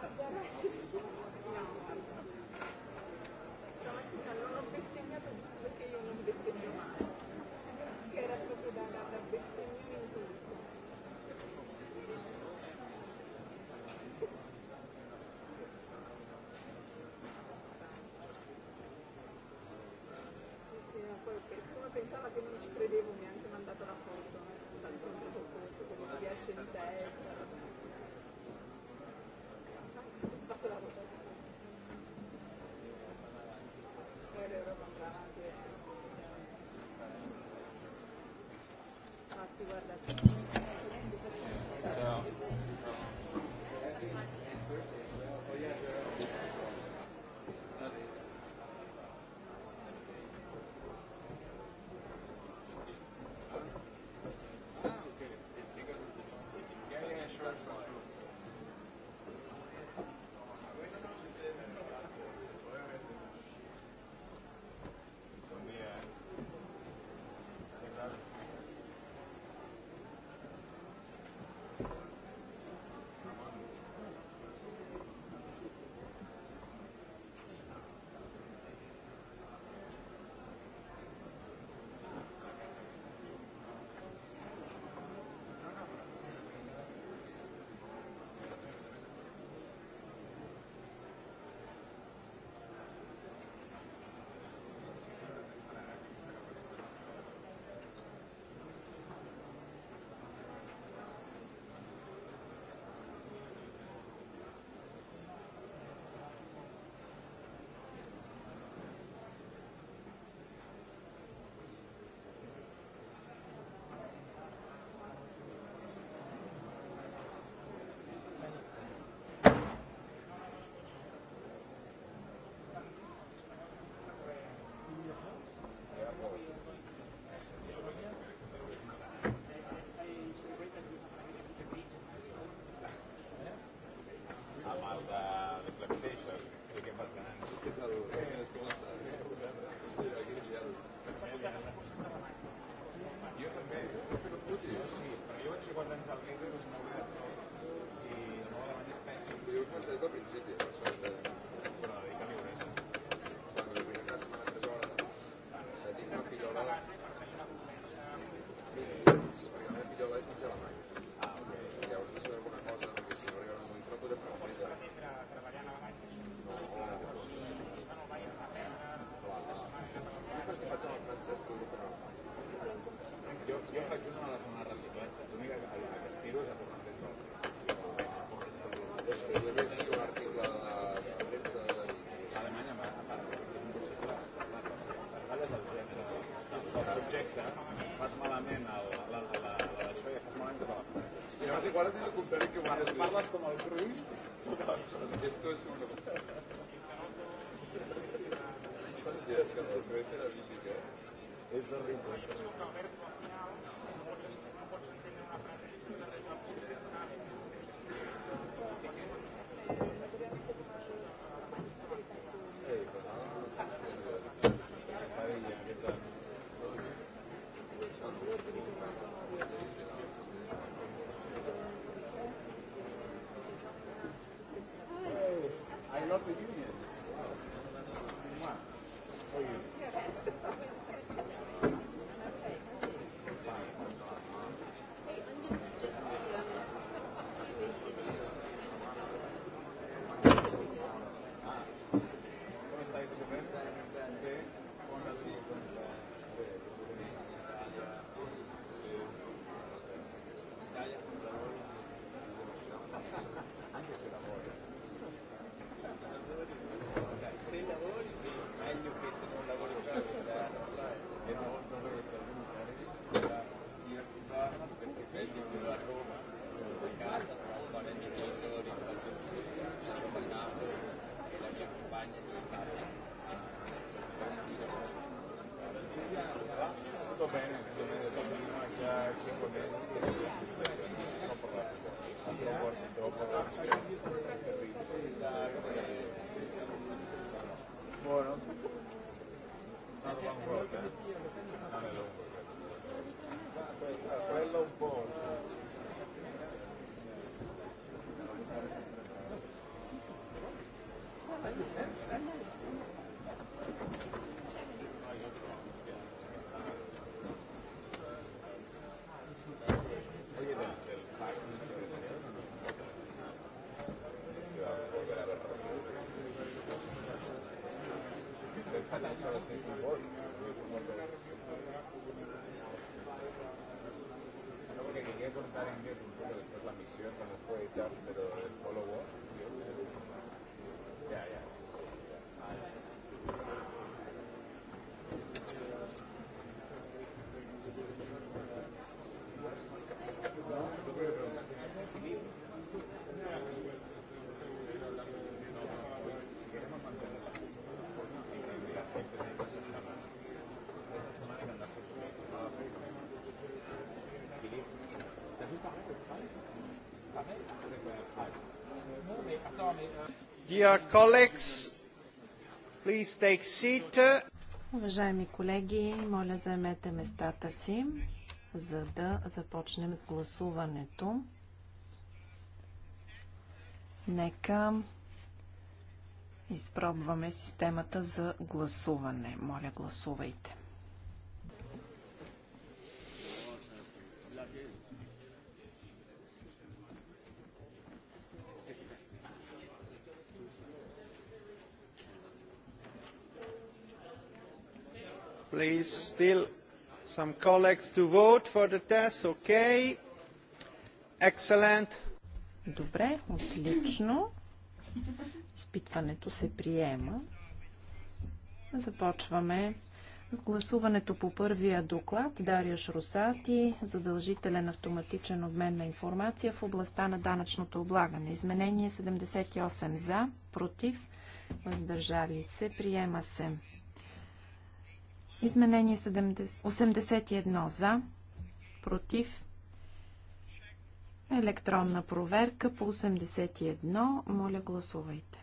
a garage Exhibit. os vais a la visita. És de riure. Arengue, después la misión, cuando fue y tal, pero el follow-up. Ya, ya. Dear colleagues, please take seat. Уважаеми колеги, моля заемете местата си, за да започнем с гласуването. Нека изпробваме системата за гласуване. Моля, гласувайте. Please, still some colleagues to vote for the test. Okay. Excellent. Добре, отлично. Изпитването се приема. Започваме с гласуването по първия доклад Дария Русати задължителен автоматичен обмен на информация в областта на данъчното облагане. Изменение 78 за, против, въздържали се, приема се. Изменение 70, 81 за, против. Електронна проверка по 81. Моля, гласувайте.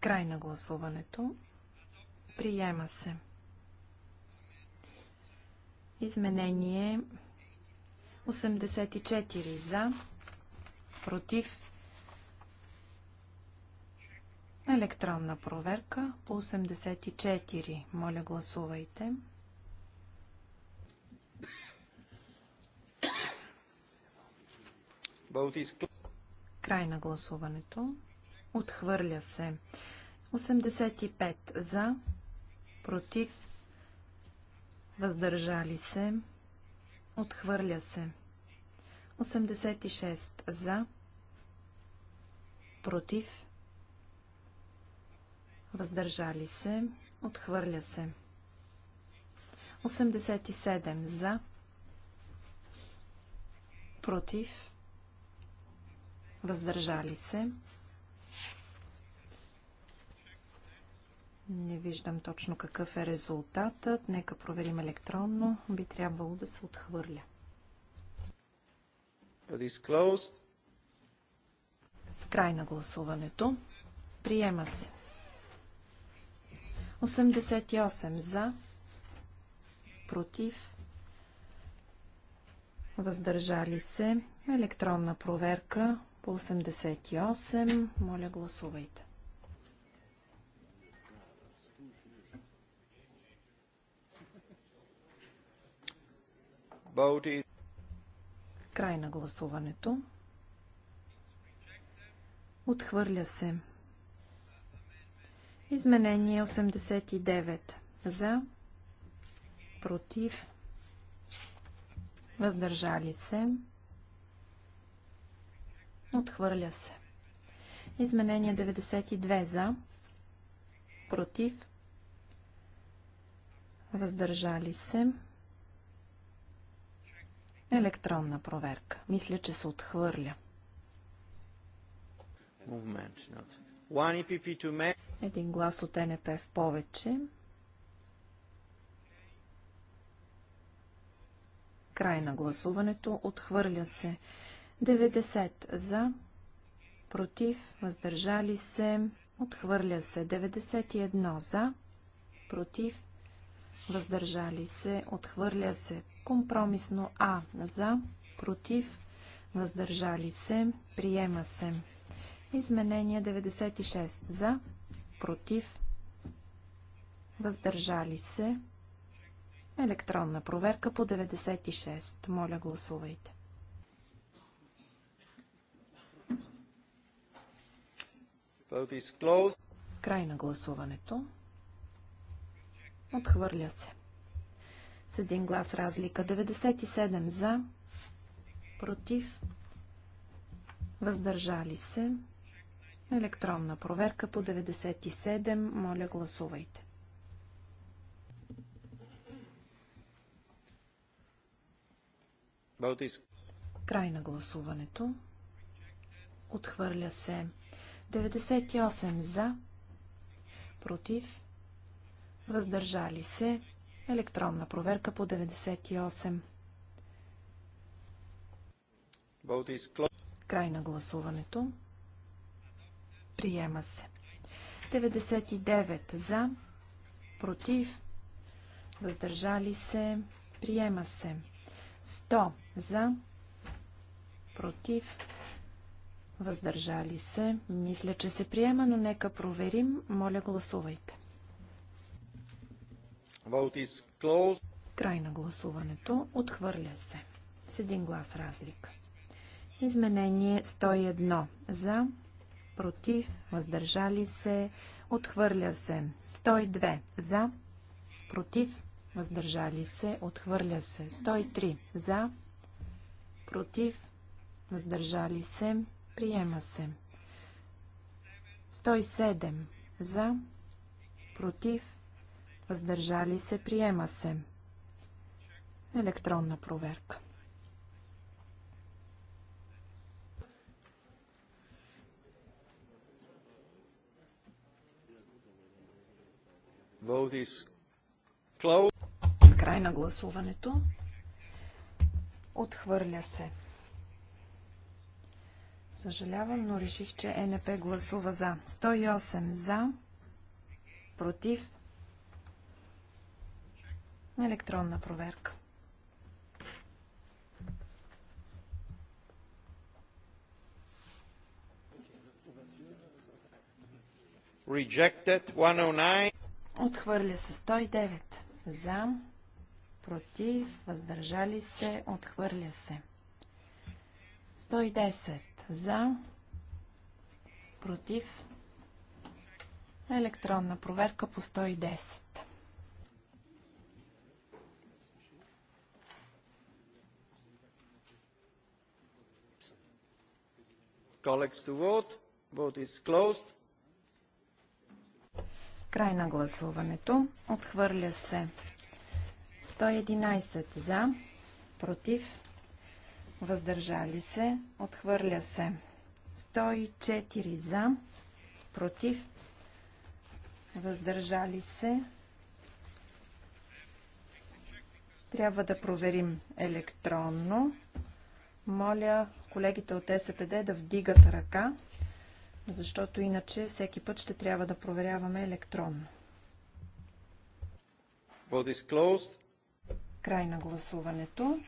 Край на гласуването. Приема се. Изменение 81. 84 за, против, електронна проверка по 84. Моля гласувайте. Край на гласуването. Отхвърля се. 85 за, против, въздържали се. Отхвърля се. 86 за. Против. Въздържали се. Отхвърля се. 87 за. Против. Въздържали се. Не виждам точно какъв е резултатът. Нека проверим електронно. Би трябвало да се отхвърля. Край на гласуването. Приема се. 88 за, против, въздържали се. Електронна проверка по 88. Моля, гласувайте. Край на гласуването. Отхвърля се. Изменение 89. За. Против. Въздържали се. Отхвърля се. Изменение 92. За. Против. Въздържали се. Електронна проверка. Мисля, че се отхвърля. E Един глас от НП в повече. Край на гласуването. Отхвърля се. 90 за, против, въздържали се. Отхвърля се. 91 за, против, въздържали се. Отхвърля се. Компромисно А за, против, въздържали се, приема се. Изменение 96 за, против, въздържали се. Електронна проверка по 96. Моля, гласувайте. Край на гласуването. Отхвърля се. С един глас разлика. 97 за, против, въздържали се. Електронна проверка по 97. Моля, гласувайте. Край на гласуването. Отхвърля се. 98 за, против, въздържали се. Електронна проверка по 98. Край на гласуването. Приема се. 99 за, против, въздържали се, приема се. 100 за, против, въздържали се. Мисля, че се приема, но нека проверим. Моля, гласувайте. Край на гласуването. Отхвърля се. С един глас разлика. Изменение 101. За, против, въздържали се, отхвърля се. 102. За, против, въздържали се, отхвърля се. 103. За, против, въздържали се, приема се. 107. За, против, въздържали се, приема се. Електронна проверка. Край на гласуването. Отхвърля се. Съжалявам, но реших, че е НП гласува за. 108 за, против, Електронна проверка. Rejected 109. Отхвърля се 109. За. Против. Въздържали се. Отхвърля се. 110. За. Против. Електронна проверка по 110. colleagues to vote. Vote is closed. Край на гласуването. Отхвърля се. 111 за, против, въздържали се, отхвърля се. 104 за, против, въздържали се. Трябва да проверим електронно. Моля колегите от СПД да вдигат ръка, защото иначе всеки път ще трябва да проверяваме електронно. Край на гласуването.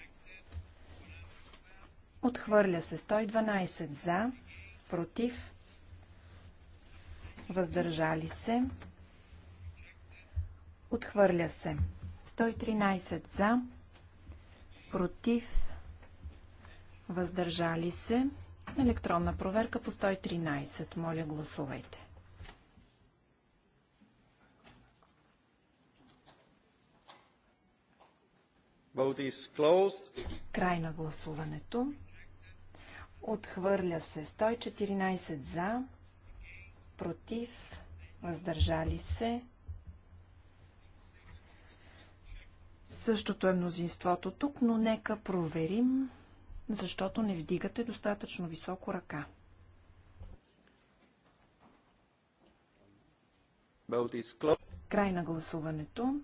Отхвърля се 112 за, против, въздържали се. Отхвърля се 113 за, против, въздържали се. Електронна проверка по 113. Моля, гласувайте. Край на гласуването. Отхвърля се 114 за, против, въздържали се. Същото е мнозинството тук, но нека проверим защото не вдигате достатъчно високо ръка. Край на гласуването.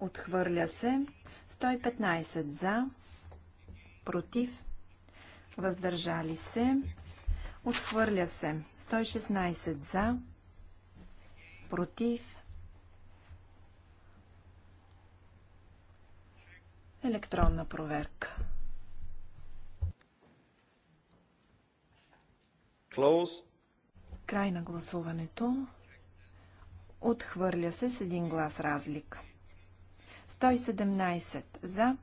Отхвърля се. 115 за, против, въздържали се. Отхвърля се. 116 за, против. Електронна проверка. Close. Край на гласуването. Отхвърля се с един глас разлика. 117 за,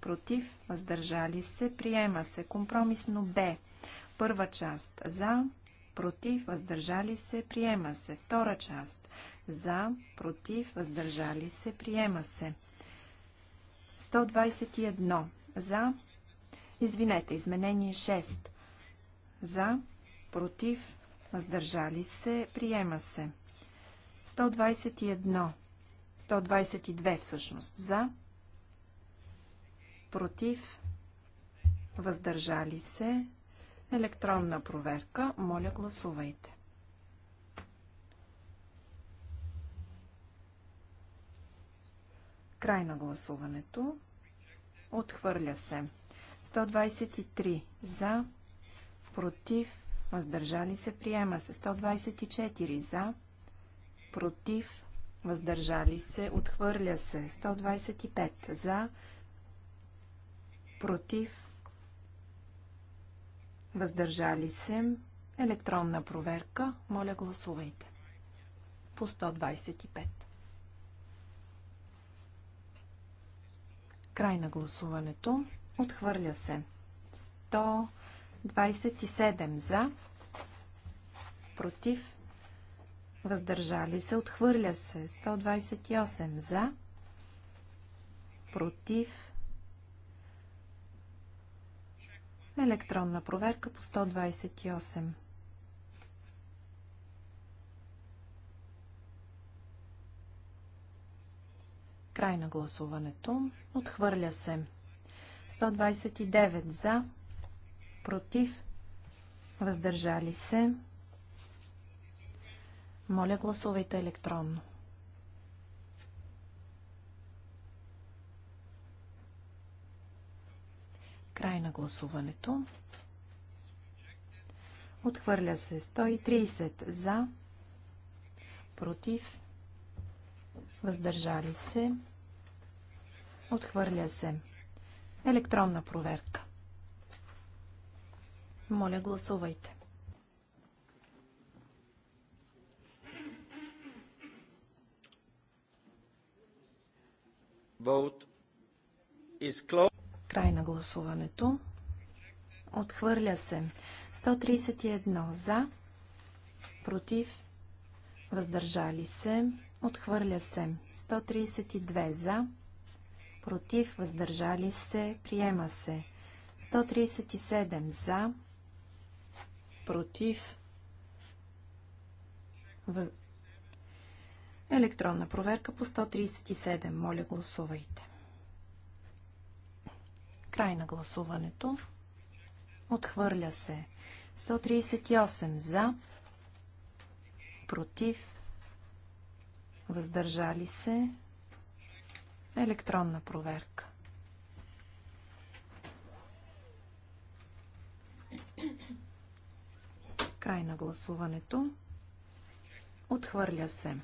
против, въздържали се, приема се. Компромисно Б. Първа част за, против, въздържали се, приема се. Втора част за, против, въздържали се, приема се. 121 за, извинете, изменение 6 за, против, въздържали се, приема се. 121, 122 всъщност, за, против, въздържали се, електронна проверка, моля гласувайте. Край на гласуването. Отхвърля се. 123 за, против, въздържали се, приема се. 124 за, против, въздържали се, отхвърля се. 125 за, против, въздържали се, електронна проверка. Моля, гласувайте. По 125. Край на гласуването. Отхвърля се. 27 за, против, въздържали се, отхвърля се. 128 за, против, електронна проверка по 128. Край на гласуването. Отхвърля се. 129 за, против, въздържали се. Моля, гласувайте електронно. Край на гласуването. Отхвърля се 130 за, против, въздържали се. Отхвърля се. Електронна проверка. Моля, гласувайте. Край на гласуването. Отхвърля се. 131 за, против, въздържали се. Отхвърля се. 132 за, против, въздържали се. Приема се. 137 за, против. В... Електронна проверка по 137. Моля, гласувайте. Край на гласуването. Отхвърля се. 138 за, против, въздържали се. Електронна проверка. Край на гласуването. Отхвърля се.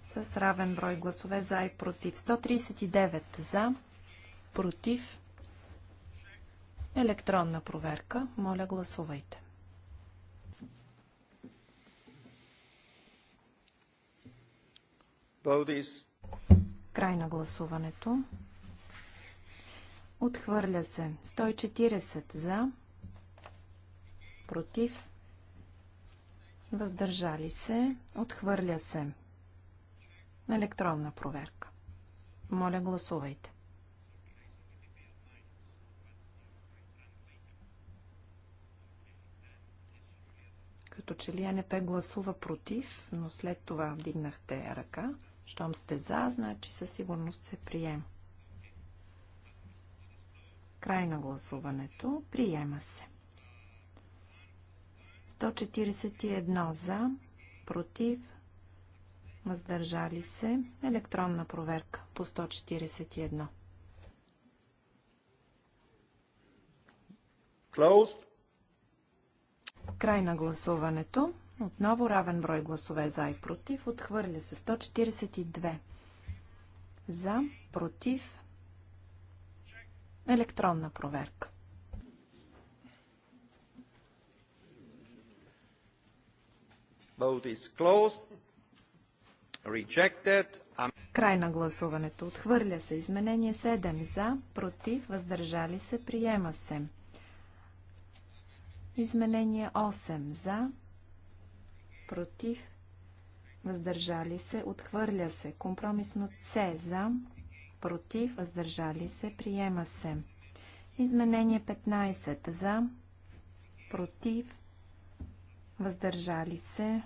С равен брой гласове за и против. 139 за, против. Електронна проверка. Моля, гласувайте. Край на гласуването. Отхвърля се. 140 за, против, въздържали се, отхвърля се. Електронна проверка. Моля, гласувайте. Като че ли НП гласува против, но след това вдигнахте ръка. Щом сте за, значи със сигурност се приема. Край на гласуването. Приема се. 141 за, против, въздържали се. Електронна проверка по 141. Closed. Край на гласуването. Отново равен брой гласове за и против. Отхвърля се 142. За, против. Електронна проверка. Vote is closed. Rejected. Um, Край на гласуването. Отхвърля се. Изменение 7 за, против, въздържали се, приема се. Изменение 8 за, против, въздържали се, отхвърля се. Компромисно С за, против, въздържали се, приема се. Изменение 15 за, против, въздържали се.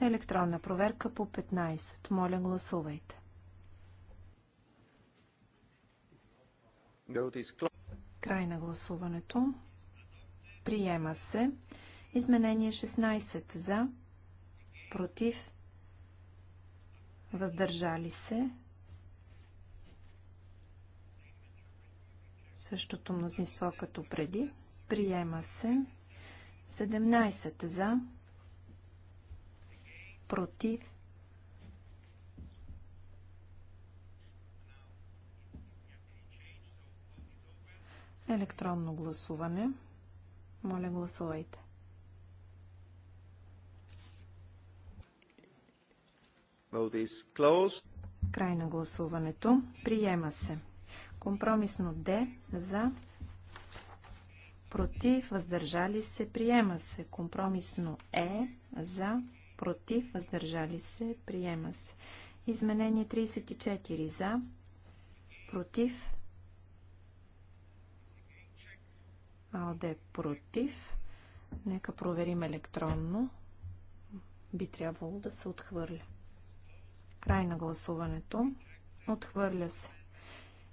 Електронна проверка по 15. Моля, гласувайте. Край на гласуването. Приема се. Изменение 16 за, против, въздържали се. Същото мнозинство като преди. Приема се. 17 за, против, електронно гласуване. Моля, гласувайте. Край на гласуването. Приема се. Компромисно Д за против, въздържали се, приема се. Компромисно е, за, против, въздържали се, приема се. Изменение 34 за, против, АОД против. Нека проверим електронно. Би трябвало да се отхвърля. Край на гласуването. Отхвърля се.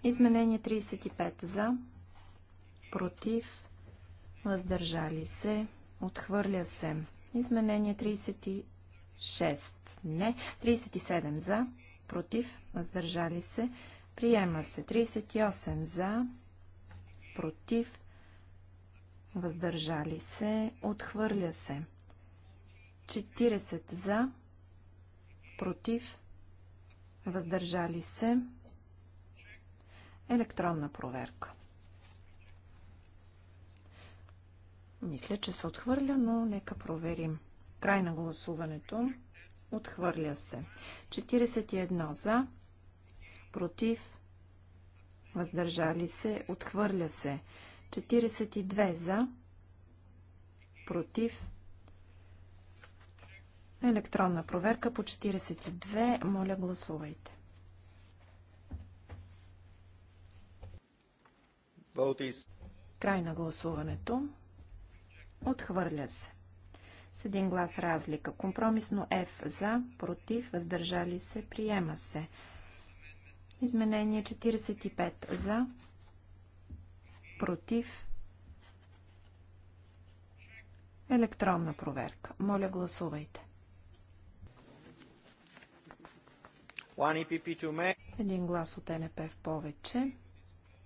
Изменение 35 за, против, въздържали се, отхвърля се. Изменение 36, не, 37 за, против, въздържали се, приема се. 38 за, против, въздържали се, отхвърля се. 40 за, против, въздържали се, електронна проверка. Мисля, че се отхвърля, но нека проверим. Край на гласуването. Отхвърля се. 41 за, против, въздържали се, отхвърля се. 42 за, против. Електронна проверка по 42. Моля, гласувайте. Край на гласуването. Отхвърля се. С един глас разлика. Компромисно F за, против, въздържали се, приема се. Изменение 45 за, против, електронна проверка. Моля, гласувайте. E един глас от НП в повече.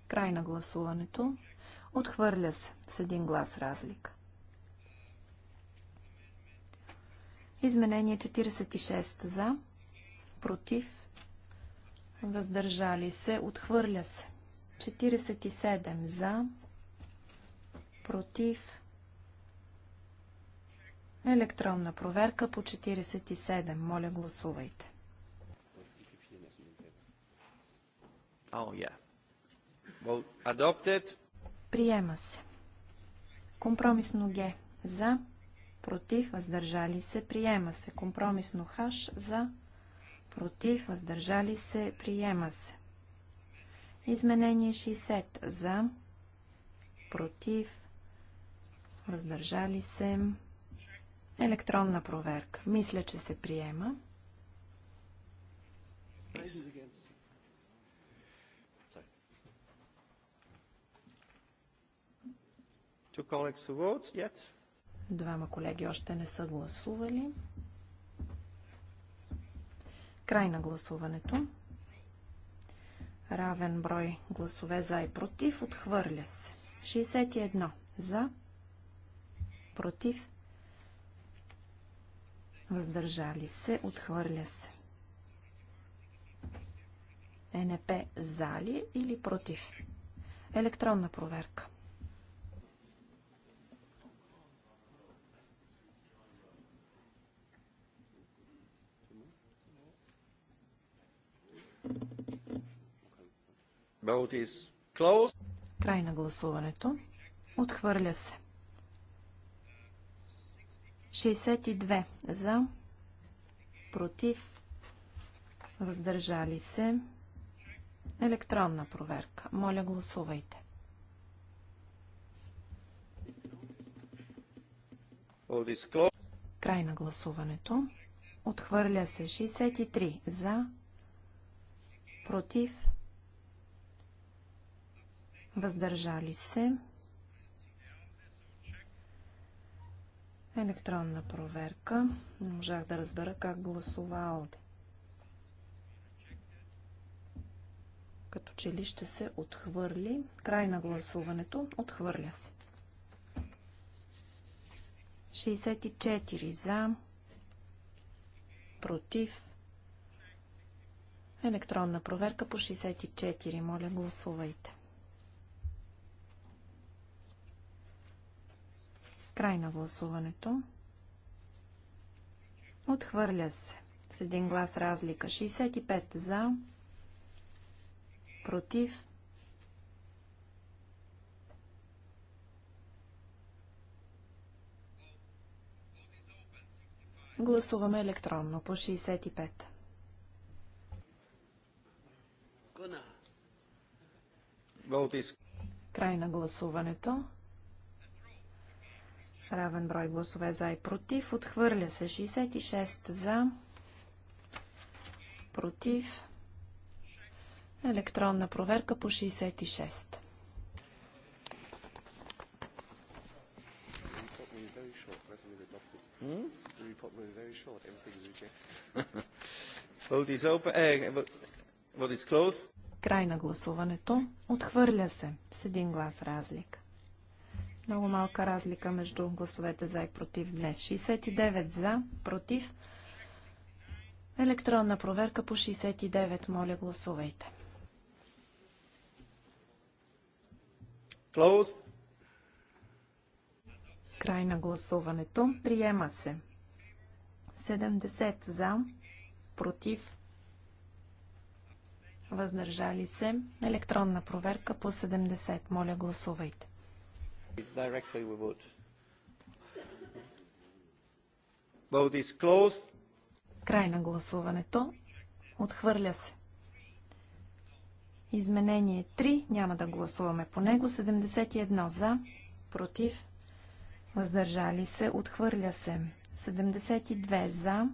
Край на гласуването. Отхвърля се с един глас разлика. Изменение 46 за, против, въздържали се, отхвърля се. 47 за, против, електронна проверка по 47. Моля, гласувайте. Oh, yeah. well, Приема се. Компромисно Г. За против, въздържали се, приема се. Компромисно хаш за, против, въздържали се, приема се. Изменение 60 за, против, въздържали се, електронна проверка. Мисля, че се приема. Two colleagues to vote yet. Двама колеги още не са гласували. Край на гласуването. Равен брой гласове за и против. Отхвърля се. 61 за. Против. Въздържали се. Отхвърля се. НП за ли или против? Електронна проверка. Край на гласуването. Отхвърля се. 62 за, против, въздържали се. Електронна проверка. Моля, гласувайте. Край на гласуването. Отхвърля се 63 за, против, въздържали се. Електронна проверка. Не можах да разбера как гласува Алде. Като че ли ще се отхвърли. Край на гласуването. Отхвърля се. 64 за. Против. Електронна проверка по 64. Моля, гласувайте. Край на гласуването. Отхвърля се. С един глас разлика. 65 за. Против. Гласуваме електронно по 65. Край на гласуването равен брой гласове за и против. Отхвърля се 66 за, против. Електронна проверка по 66. (laughs) Eh, Край на гласуването. Отхвърля се с един глас разлика. Много малка разлика между гласовете за и против днес. 69 за, против. Електронна проверка по 69. Моля, гласувайте. Closed. Край на гласуването. Приема се. 70 за, против, въздържали се. Електронна проверка по 70. Моля, гласувайте. Directly we would. Vote is closed. Край на гласуването. Отхвърля се. Изменение 3. Няма да гласуваме по него. 71 за, против, въздържали се, отхвърля се. 72 за,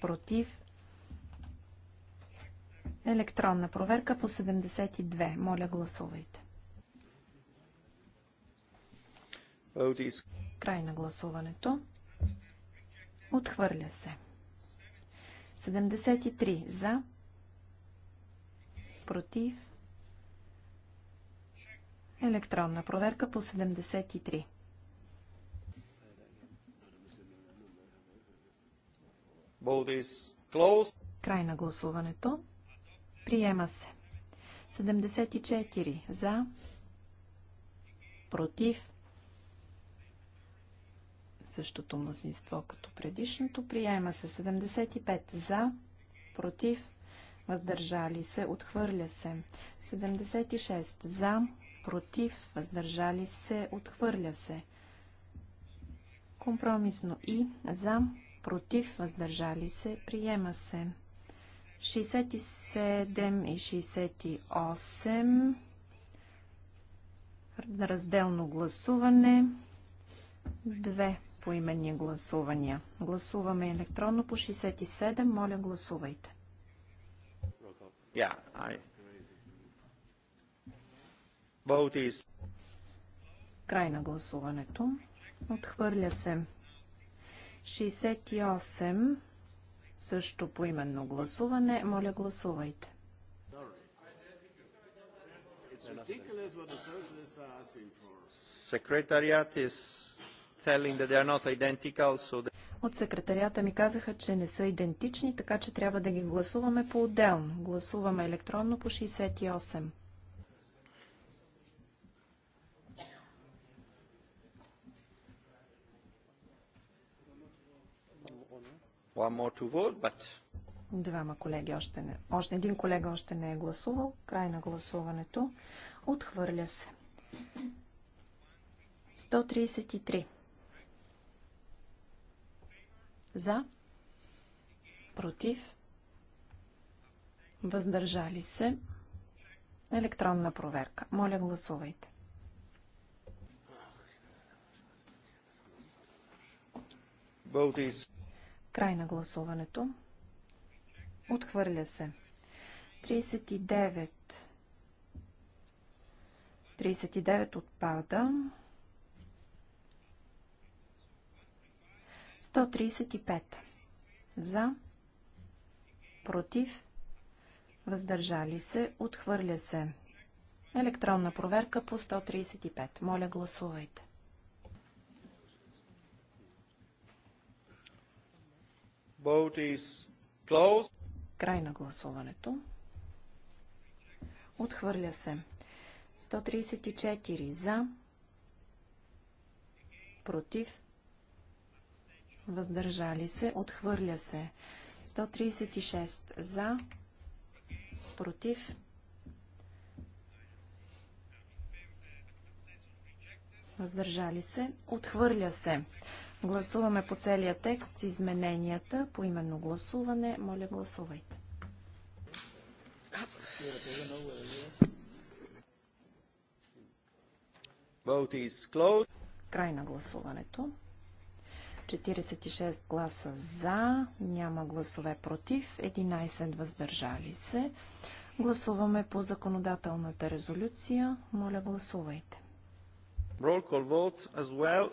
против. Електронна проверка по 72. Моля, гласувайте. Край на гласуването. Отхвърля се. 73 за. Против. Електронна проверка по 73. Край на гласуването. Приема се. 74 за. Против същото мнозинство като предишното. Приема се 75 за, против, въздържали се, отхвърля се. 76 за, против, въздържали се, отхвърля се. Компромисно и за, против, въздържали се, приема се. 67 и 68 разделно гласуване. 2 поименни гласувания. Гласуваме електронно по 67. Моля, гласувайте. Yeah, I... is... Край на гласуването. Отхвърля се. 68. Също поименно гласуване. Моля, гласувайте. Секретарият is от секретарията ми казаха, че не са идентични, така че трябва да ги гласуваме по-отделно. Гласуваме електронно по 68. Vote, but... Двама колеги още не. Още един колега още не е гласувал. Край на гласуването. Отхвърля се. 133. За. Против. Въздържали се. Електронна проверка. Моля, гласувайте. Край на гласуването. Отхвърля се. 39. 39 отпада. 135. За. Против. Въздържали се. Отхвърля се. Електронна проверка по 135. Моля, гласувайте. Край на гласуването. Отхвърля се. 134 за, против, въздържали се, отхвърля се. 136 за, против, въздържали се, отхвърля се. Гласуваме по целия текст с измененията, по именно гласуване. Моля, гласувайте. Край на гласуването. 46 гласа за, няма гласове против, 11 въздържали се. Гласуваме по законодателната резолюция. Моля, гласувайте. Roll call vote as well.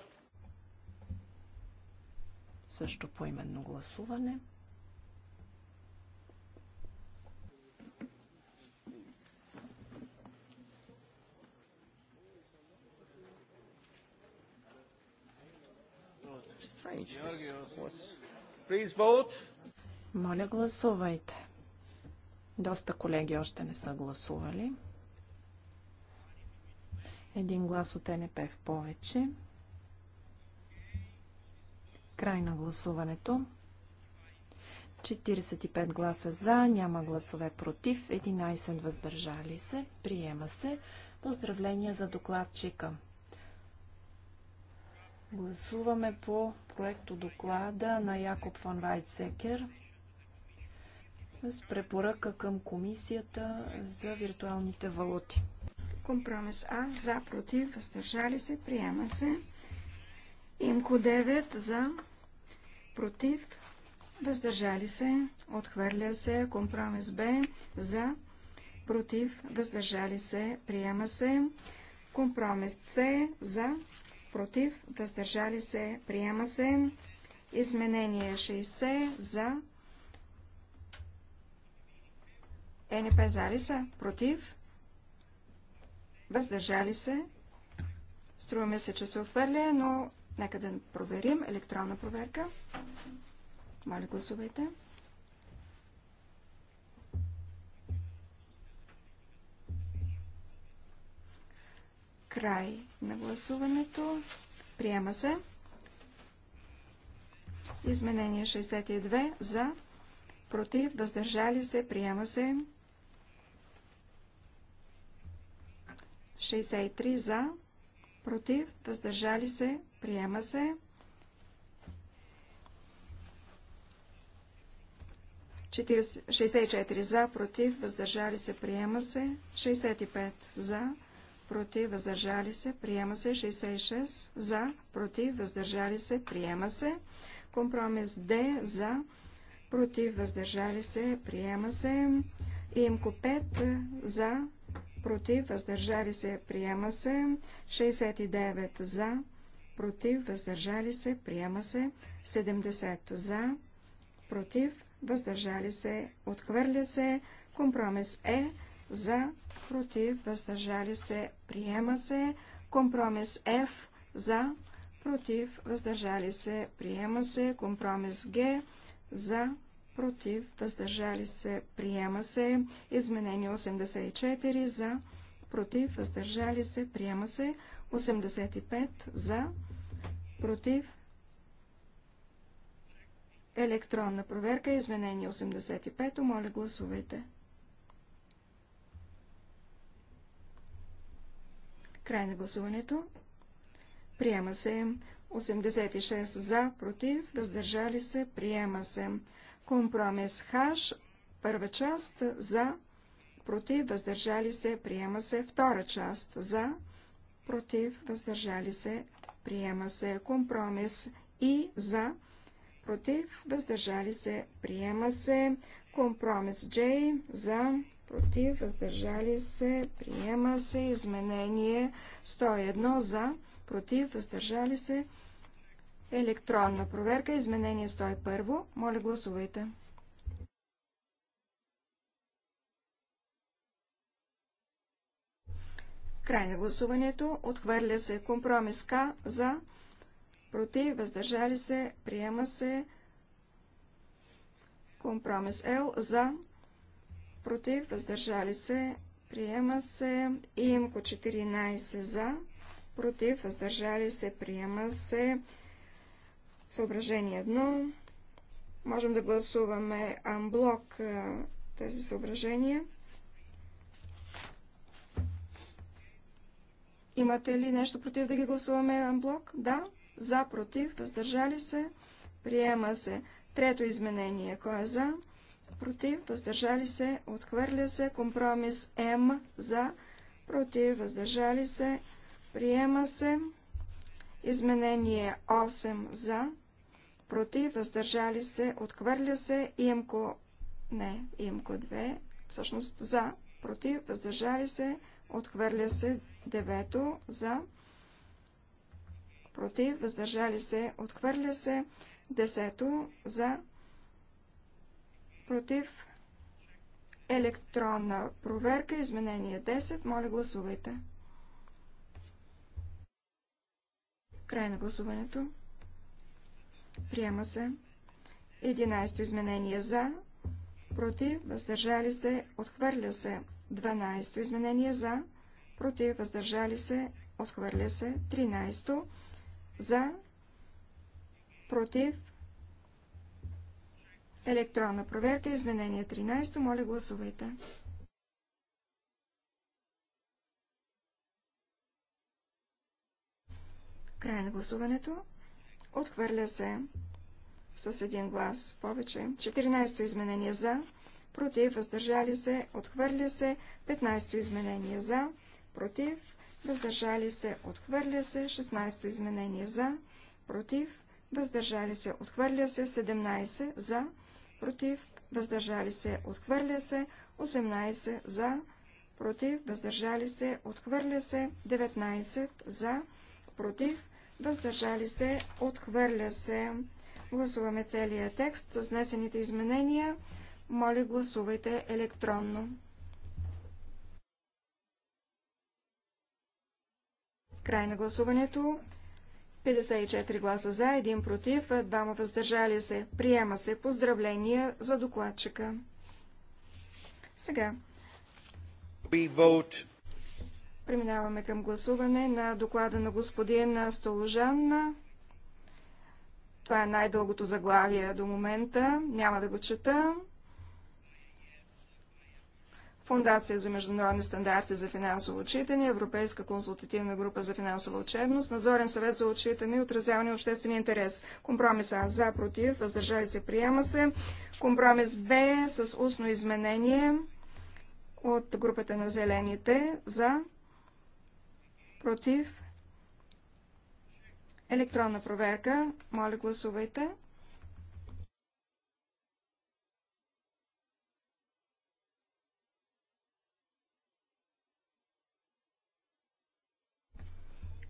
Също поименно гласуване. strange. Please vote. Моля, гласувайте. Доста колеги още не са гласували. Един глас от НП в повече. Край на гласуването. 45 гласа за, няма гласове против, 11 въздържали се. Приема се. Поздравления за докладчика. Гласуваме по проекто доклада на Якоб Фан Вайтсекер с препоръка към комисията за виртуалните валути. Компромис А. За, против, въздържали се, приема се. Имко 9. За, против, въздържали се, отхвърля се. Компромис Б. За, против, въздържали се, приема се. Компромис С. За, против, въздържали се, приема се. Изменение 60 за. Е НП зали са? Против. Въздържали се. Струваме се, че се отвърля, но нека да проверим електронна проверка. Моля, гласувайте. Край на гласуването. Приема се. Изменение 62 за, против, въздържали се, приема се. 63 за, против, въздържали се, приема се. 64 за, против, въздържали се, приема се. 65 за, против, въздържали се, приема се. 66 за, против, въздържали се, приема се. Компромис Д за, против, въздържали се, приема се. Имко 5 за, против, въздържали се, приема се. 69 за, против, въздържали се, приема се. 70 за, против, въздържали се, отхвърля се. Компромис Е e, за, против, въздържали се, приема се. Компромис F за, против, въздържали се, приема се. Компромис Г за, против, въздържали се, приема се. Изменение 84 за, против, въздържали се, приема се. 85 за, против, електронна проверка, изменение 85, моля гласувайте. Край на гласуването. Приема се 86 за, против, въздържали се, приема се. Компромис хаш, първа част за, против, въздържали се, приема се. Втора част за, против, въздържали се, приема се. Компромис и за, против, въздържали се, приема се. Компромис J за, против, въздържали се, приема се, изменение 101 за, против, въздържали се, електронна проверка, изменение 101. Моля, гласувайте. Край на гласуването. Отхвърля се компромис К за, против, въздържали се, приема се, компромис Л за, против, въздържали се, приема се. Имко 14 за, против, въздържали се, приема се. Съображение 1. Можем да гласуваме амблок тези съображения. Имате ли нещо против да ги гласуваме амблок? Да. За, против, въздържали се, приема се. Трето изменение. Кой е за? против, въздържали се, отхвърля се, компромис М за, против, въздържали се, приема се, изменение 8 за, против, въздържали се, отхвърля се, имко, не, имко 2, всъщност за, против, въздържали се, отхвърля се, 9 за, против, въздържали се, отхвърля се, десето за, против електронна проверка, изменение 10. Моля, гласувайте. Край на гласуването. Приема се. 11 изменение за, против, въздържали се, отхвърля се. 12 изменение за, против, въздържали се, отхвърля се. 13 за, против, Електронна проверка, изменение 13. Моля, гласувайте. Край на гласуването. Отхвърля се с един глас повече. 14-то изменение за, против, въздържали се, отхвърля се. 15-то изменение за, против, въздържали се, отхвърля се. 16-то изменение за, против, въздържали се, отхвърля се. 17 за, против, въздържали се, отхвърля се, 18 за, против, въздържали се, отхвърля се, 19 за, против, въздържали се, отхвърля се. Гласуваме целия текст с внесените изменения. Моля, гласувайте електронно. Край на гласуването. 54 гласа за, 1 против, 2 въздържали се. Приема се. Поздравления за докладчика. Сега. Преминаваме към гласуване на доклада на господин Столожан. Това е най-дългото заглавие до момента. Няма да го чета. Фундация за международни стандарти за финансово отчитане, Европейска консултативна група за финансова отчетност, Назорен съвет за отчитане и отразяване на обществения интерес. Компромис А за, против, въздържали се, приема се. Компромис Б с устно изменение от групата на зелените за, против, електронна проверка. Моля, гласувайте.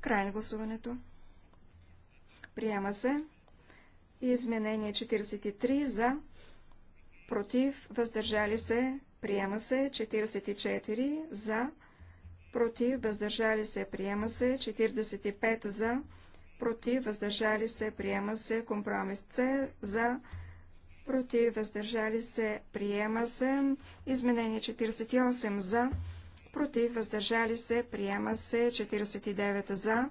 Край на гласуването. Приема се. Изменение 43 за, против, въздържали се, приема се. 44 за, против, въздържали се, приема се. 45 за, против, въздържали се, приема се. Компромис С за, против, въздържали се, приема се. Изменение 48 за, против, въздържали се, приема се 49 за,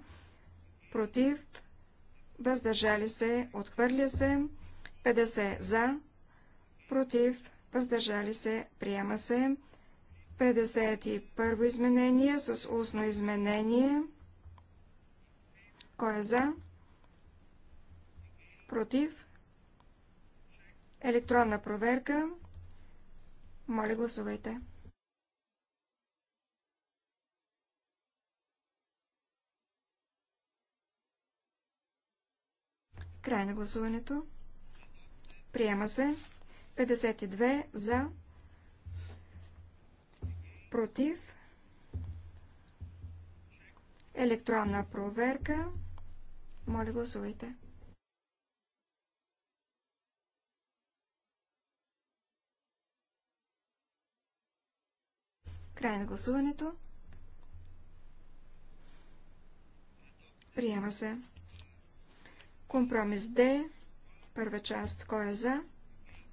против, въздържали се, отхвърля се 50 за, против, въздържали се, приема се 51 изменение с устно изменение. Кой е за? Против? Електронна проверка. Моля, гласувайте. Край на гласуването. Приема се. 52 за. Против. Електронна проверка. Моля, гласувайте. Край на гласуването. Приема се. Компромис Д, първа част, кой е за?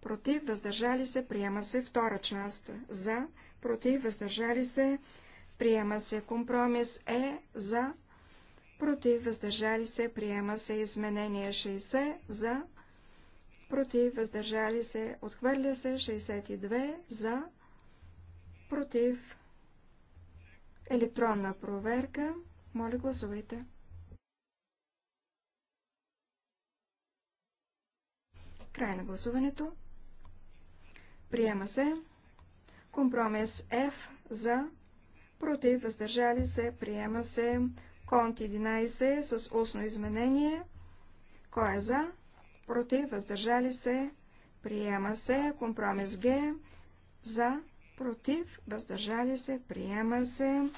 Против, въздържали се, приема се. Втора част, за, против, въздържали се, приема се. Компромис Е, за, против, въздържали се, приема се. Изменение 60, за, против, въздържали се, отхвърля се. 62, за, против, електронна проверка. Моля, гласувайте. Край на гласуването. Приема се. Компромис F за. Против. Въздържали се. Приема се. Конт 11 с устно изменение. Кой е за? Против. Въздържали се. Приема се. Компромис Г за. Против. Въздържали се. Приема се.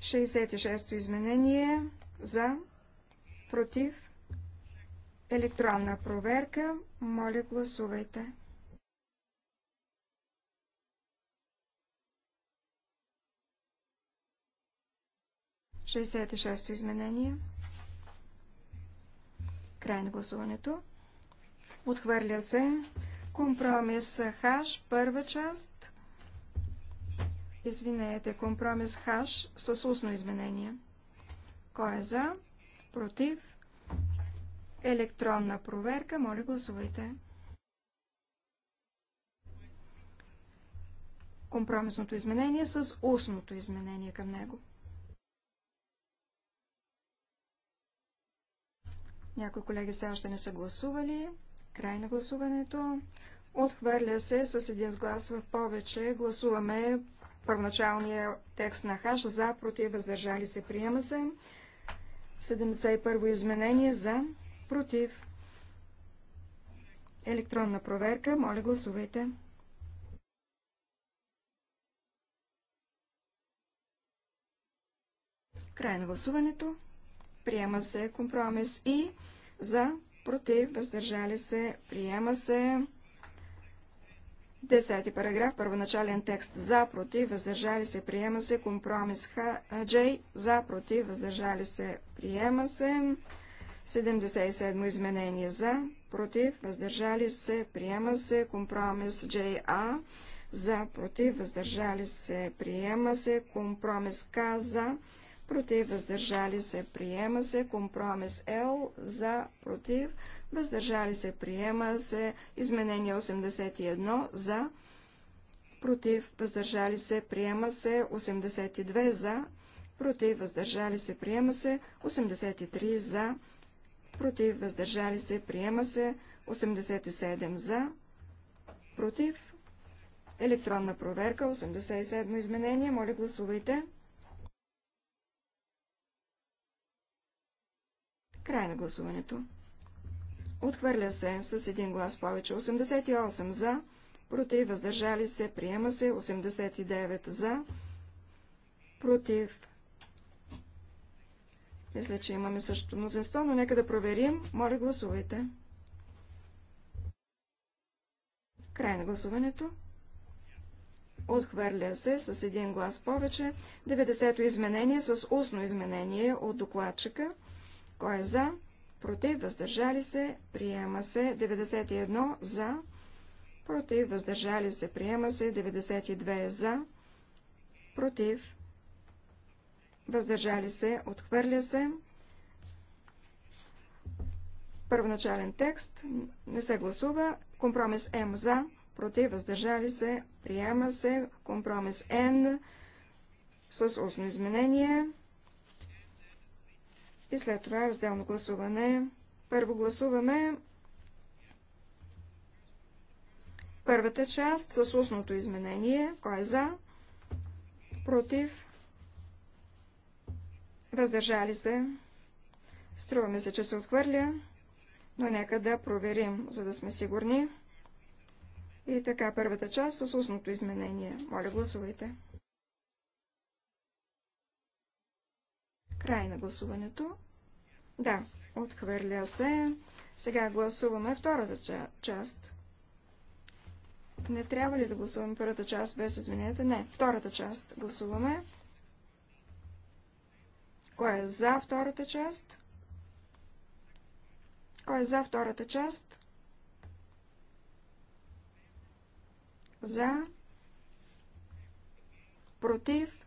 66-то изменение за, против, Електронна проверка. Моля, гласувайте. 66 и изменение. Край на гласуването. Отхвърля се компромис хаш, първа част. Извинете, компромис хаш с устно изменение. Кой е за? Против? Електронна проверка. Моля, гласувайте. Компромисното изменение с устното изменение към него. Някои колеги все още не са гласували. Край на гласуването. Отхвърля се с един глас в повече. Гласуваме първоначалния текст на хаш за, против, въздържали се, приема се. 71 изменение за, против. Електронна проверка. Моля, гласувайте. Край на гласуването. Приема се компромис и за, против, въздържали се. Приема се. Десети параграф, първоначален текст за, против, въздържали се, приема се, компромис Х, Джей, за, против, въздържали се, приема се. 77 изменение за, против, въздържали се, приема се, компромис JA, за, против, въздържали се, приема се, компромис К, за, против, въздържали се, приема се, компромис Л, за, против, въздържали се, приема се, изменение 81, за, против, въздържали се, приема се, 82, за, против, въздържали се, приема се, 83, за, против, против, въздържали се, приема се, 87 за, против, електронна проверка, 87 изменение, моля гласувайте. Край на гласуването. Отхвърля се с един глас повече, 88 за, против, въздържали се, приема се, 89 за, против, мисля, че имаме същото мнозинство, но нека да проверим. Моля, гласувайте. Край на гласуването. Отхвърля се с един глас повече. 90-то изменение с устно изменение от докладчика. Кой е за? Против, въздържали се, приема се. 91 за. Против, въздържали се, приема се. 92 за. Против, въздържали се, отхвърля се. Първоначален текст не се гласува. Компромис М за, против, въздържали се, приема се. Компромис Н с устно изменение. И след това разделно гласуване. Първо гласуваме първата част с устното изменение. Кой е за? Против? въздържали се. Струва ми се, че се отхвърля, но нека да проверим, за да сме сигурни. И така, първата част с устното изменение. Моля, гласувайте. Край на гласуването. Да, отхвърля се. Сега гласуваме втората част. Не трябва ли да гласуваме първата част без измененията? Не, втората част гласуваме. Кой е за втората част? Кой е за втората част? За. Против.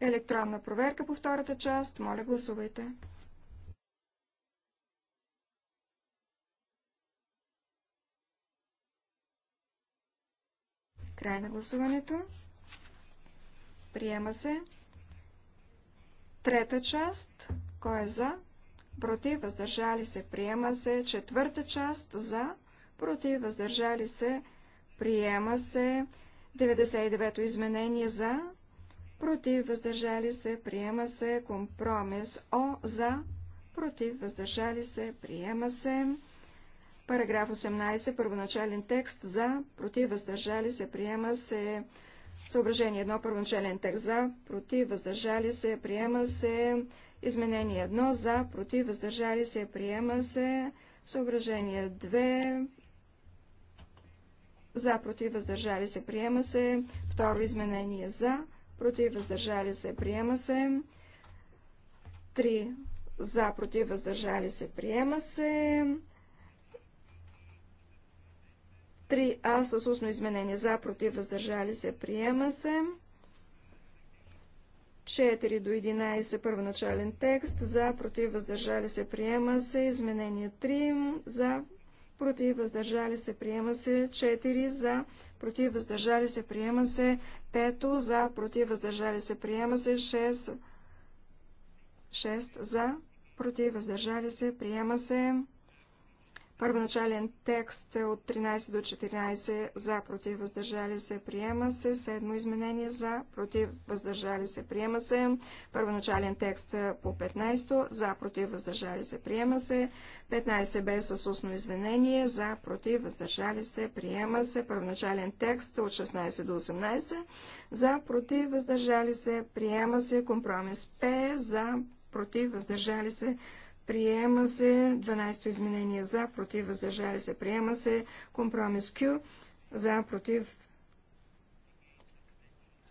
Електронна проверка по втората част. Моля, гласувайте. Край на гласуването. Приема се. Трета част. Кой е за? Против, въздържали се, приема се. Четвърта част. За. Против, въздържали се, приема се. 99-то изменение за. Против, въздържали се, приема се. Компромис О. За. Против, въздържали се, приема се. Параграф 18, първоначален текст за, против, въздържали се, приема се Съображение 1, първоначален текст за, против, въздържали се, приема се. Изменение 1 за, против, въздържали се, приема се. Съображение 2 за, против, въздържали се, приема се. Второ изменение за, против, въздържали се, приема се. 3 за, против, въздържали се, приема се. 3А с устно изменение за, против, въздържали се, приема се. 4 до 11 първоначален текст, за, против, въздържали се, приема се, изменение 3, за, против, въздържали се, приема се, 4 за, против, въздържали се, приема се, 5 за, против, въздържали се, приема се, 6, 6 за, против, въздържали се, приема се. Първоначален текст е от 13 до 14 за, против, въздържали се, приема се. Седмо изменение за, против, въздържали се, приема се. Първоначален текст е по 15 за, против, въздържали се, приема се. 15 бе с устно изменение за, против, въздържали се, приема се. Първоначален текст е от 16 до 18 за, против, въздържали се, приема се. Компромис П за, против, въздържали се, приема се Приема се 12-то изменение за, против, въздържали се. Приема се компромис Q за, против,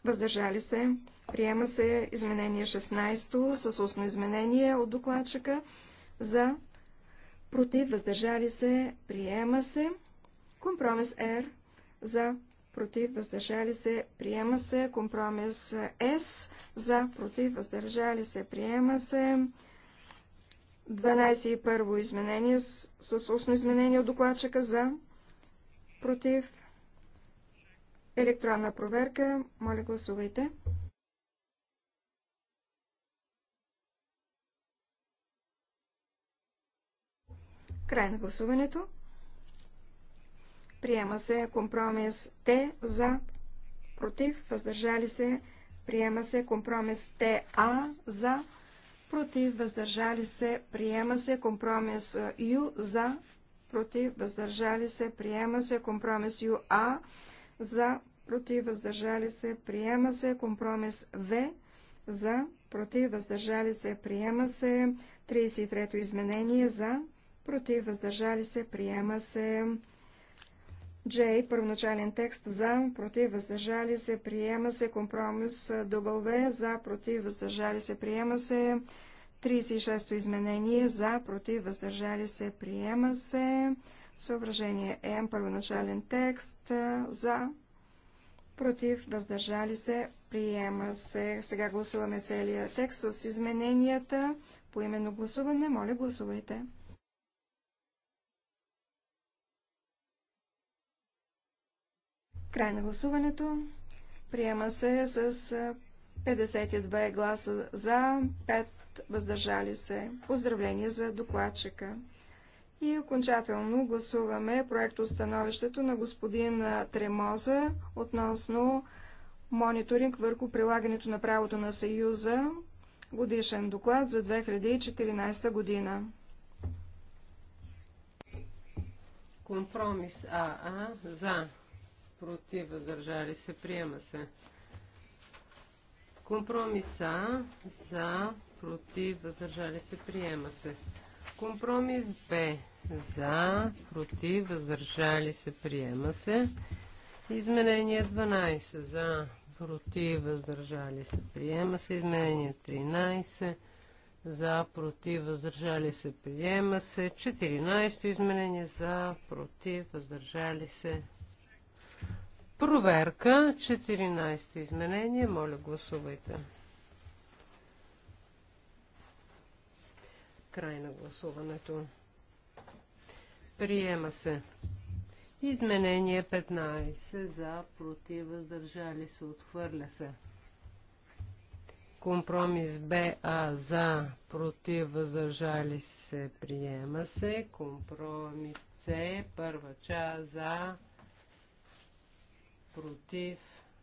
въздържали се. Приема се изменение 16-то с устно изменение от докладчика за, против, въздържали се. Приема се компромис R за, против, въздържали се, приема се. Компромис С за, против, въздържали се, приема се. 12 и първо изменение с, с устно изменение от докладчика за, против, електронна проверка. Моля, гласувайте. Край на гласуването. Приема се компромис Т за, против, въздържали се. Приема се компромис ТА за, против, въздържали се, приема се, компромис Ю за, против, въздържали се, приема се, компромис Ю А за, против, въздържали се, приема се, компромис В за, против, въздържали се, приема се, 33-то изменение за, против, въздържали се, приема се, J, първоначален текст за, против, въздържали се, приема се, компромис W, за, против, въздържали се, приема се, 36-то изменение за, против, въздържали се, приема се. Съображение М, първоначален текст, за, против, въздържали се, приема се. Сега гласуваме целия текст с измененията. По именно гласуване, моля гласувайте. Край на гласуването. Приема се с 52 гласа за, 5 въздържали се. Поздравление за докладчика. И окончателно гласуваме проектостановището на господин Тремоза относно мониторинг върху прилагането на правото на Съюза, годишен доклад за 2014 година. Компромис АА за против въздържали се приема се. Компромиса за против, въздържали се, приема се. Компромис Б. За, против, въздържали се, приема се. Изменение 12. За, против, въздържали се, приема се. Изменение 13. За, против, въздържали се, приема се. 14 изменение. За, против, въздържали се. Проверка. 14 изменение. Моля, гласувайте. Край на гласуването. Приема се. Изменение 15. За, против, въздържали се, отхвърля се. Компромис БА за, против, въздържали се, приема се. Компромис С, първа част за, против,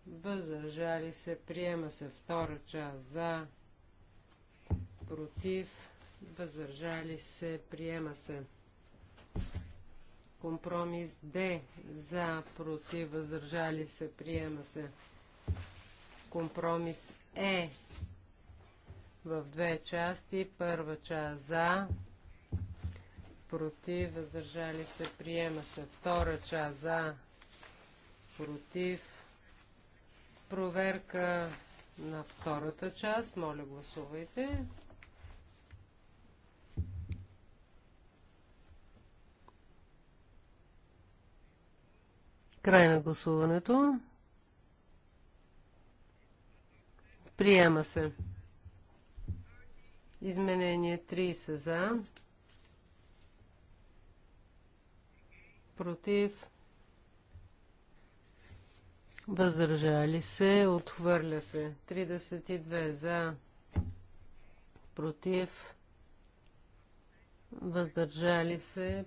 въздържали се, приема се. Втора част за, против, въздържали се, приема се. Компромис Д за, против, въздържали се, приема се. Компромис Е в две части. Първа част за, против, въздържали се, приема се. Втора част за, против. Проверка на втората част. Моля, гласувайте. Край на гласуването. Приема се. Изменение 30 за. Против. Въздържали се. Отхвърля се. 32 за. Против. Въздържали се.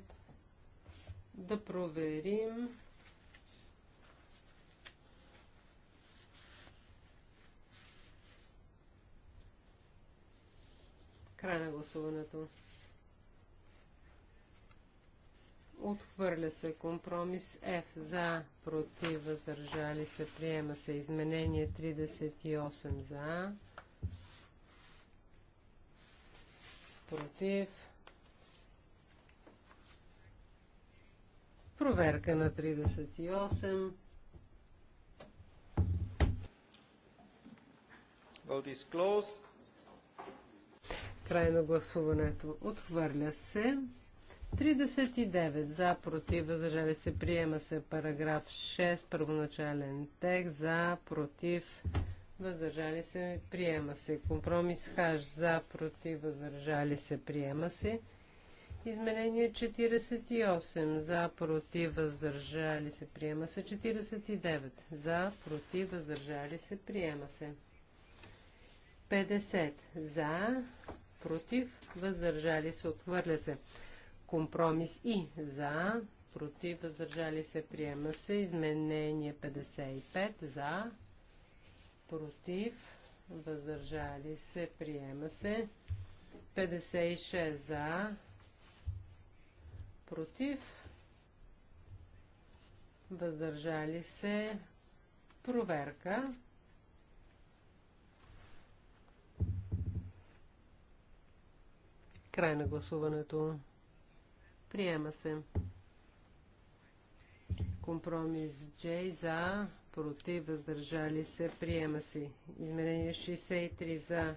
Да проверим. Край на гласуването. Отхвърля се компромис F за, против, въздържали се, приема се изменение 38 за, против. Проверка на 38. Vote is closed. Край на гласуването. Отхвърля се. 39 за, против, въздържали се, приема се параграф 6, първоначален текст, за, против, въздържали се, приема се. Компромис хаш, за, против, въздържали се, приема се. Изменение 48, за, против, въздържали се, приема се. 49, за, против, въздържали се, приема се. 50, за, против, въздържали се, отхвърля се. Компромис и за, против, въздържали се, приема се. Изменение 55 за, против, въздържали се, приема се. 56 за, против, въздържали се, проверка. Край на гласуването. Приема се. Компромис J за, против, въздържали се, приема се. Изменение 63 за,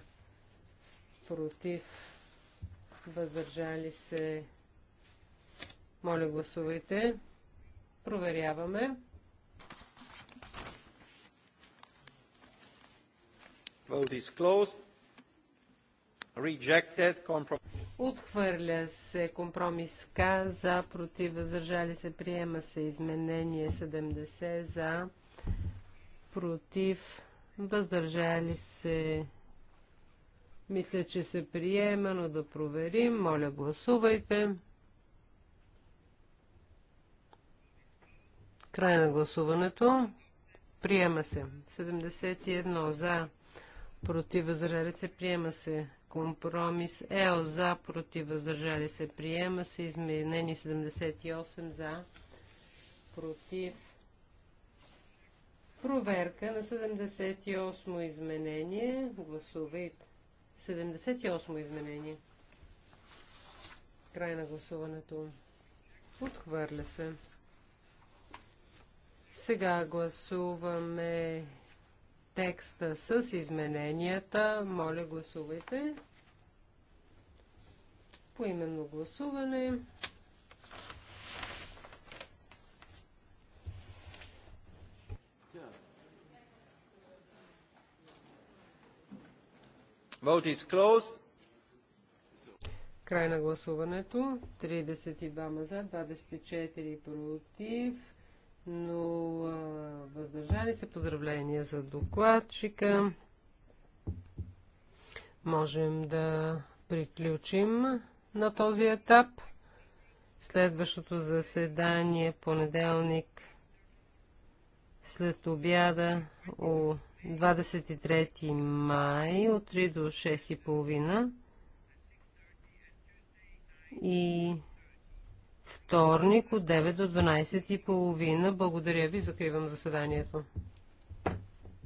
против, въздържали се. Моля, гласувайте. Проверяваме. Vote is closed. Rejected. Compromise. Отхвърля се компромис К за, против, въздържали се, приема се изменение 70 за, против, въздържали се. Мисля, че се приема, но да проверим. Моля, гласувайте. Край на гласуването. Приема се. 71 за, против, въздържали се, приема се. Компромис Л за, против, въздържали се, приема се. Изменени 78 за, против. Проверка на 78 изменение. Гласувайте. 78 изменение. Край на гласуването. Отхвърля се. Сега гласуваме текста с измененията. Моля, гласувайте. Поименно гласуване. Vote is closed. Край на гласуването. 32 за, 24 против но въздържали се. Поздравления за докладчика. Можем да приключим на този етап. Следващото заседание понеделник след обяда у 23 май от 3 до 6.30 и вторник от 9 до 12.30. Благодаря ви. Закривам заседанието.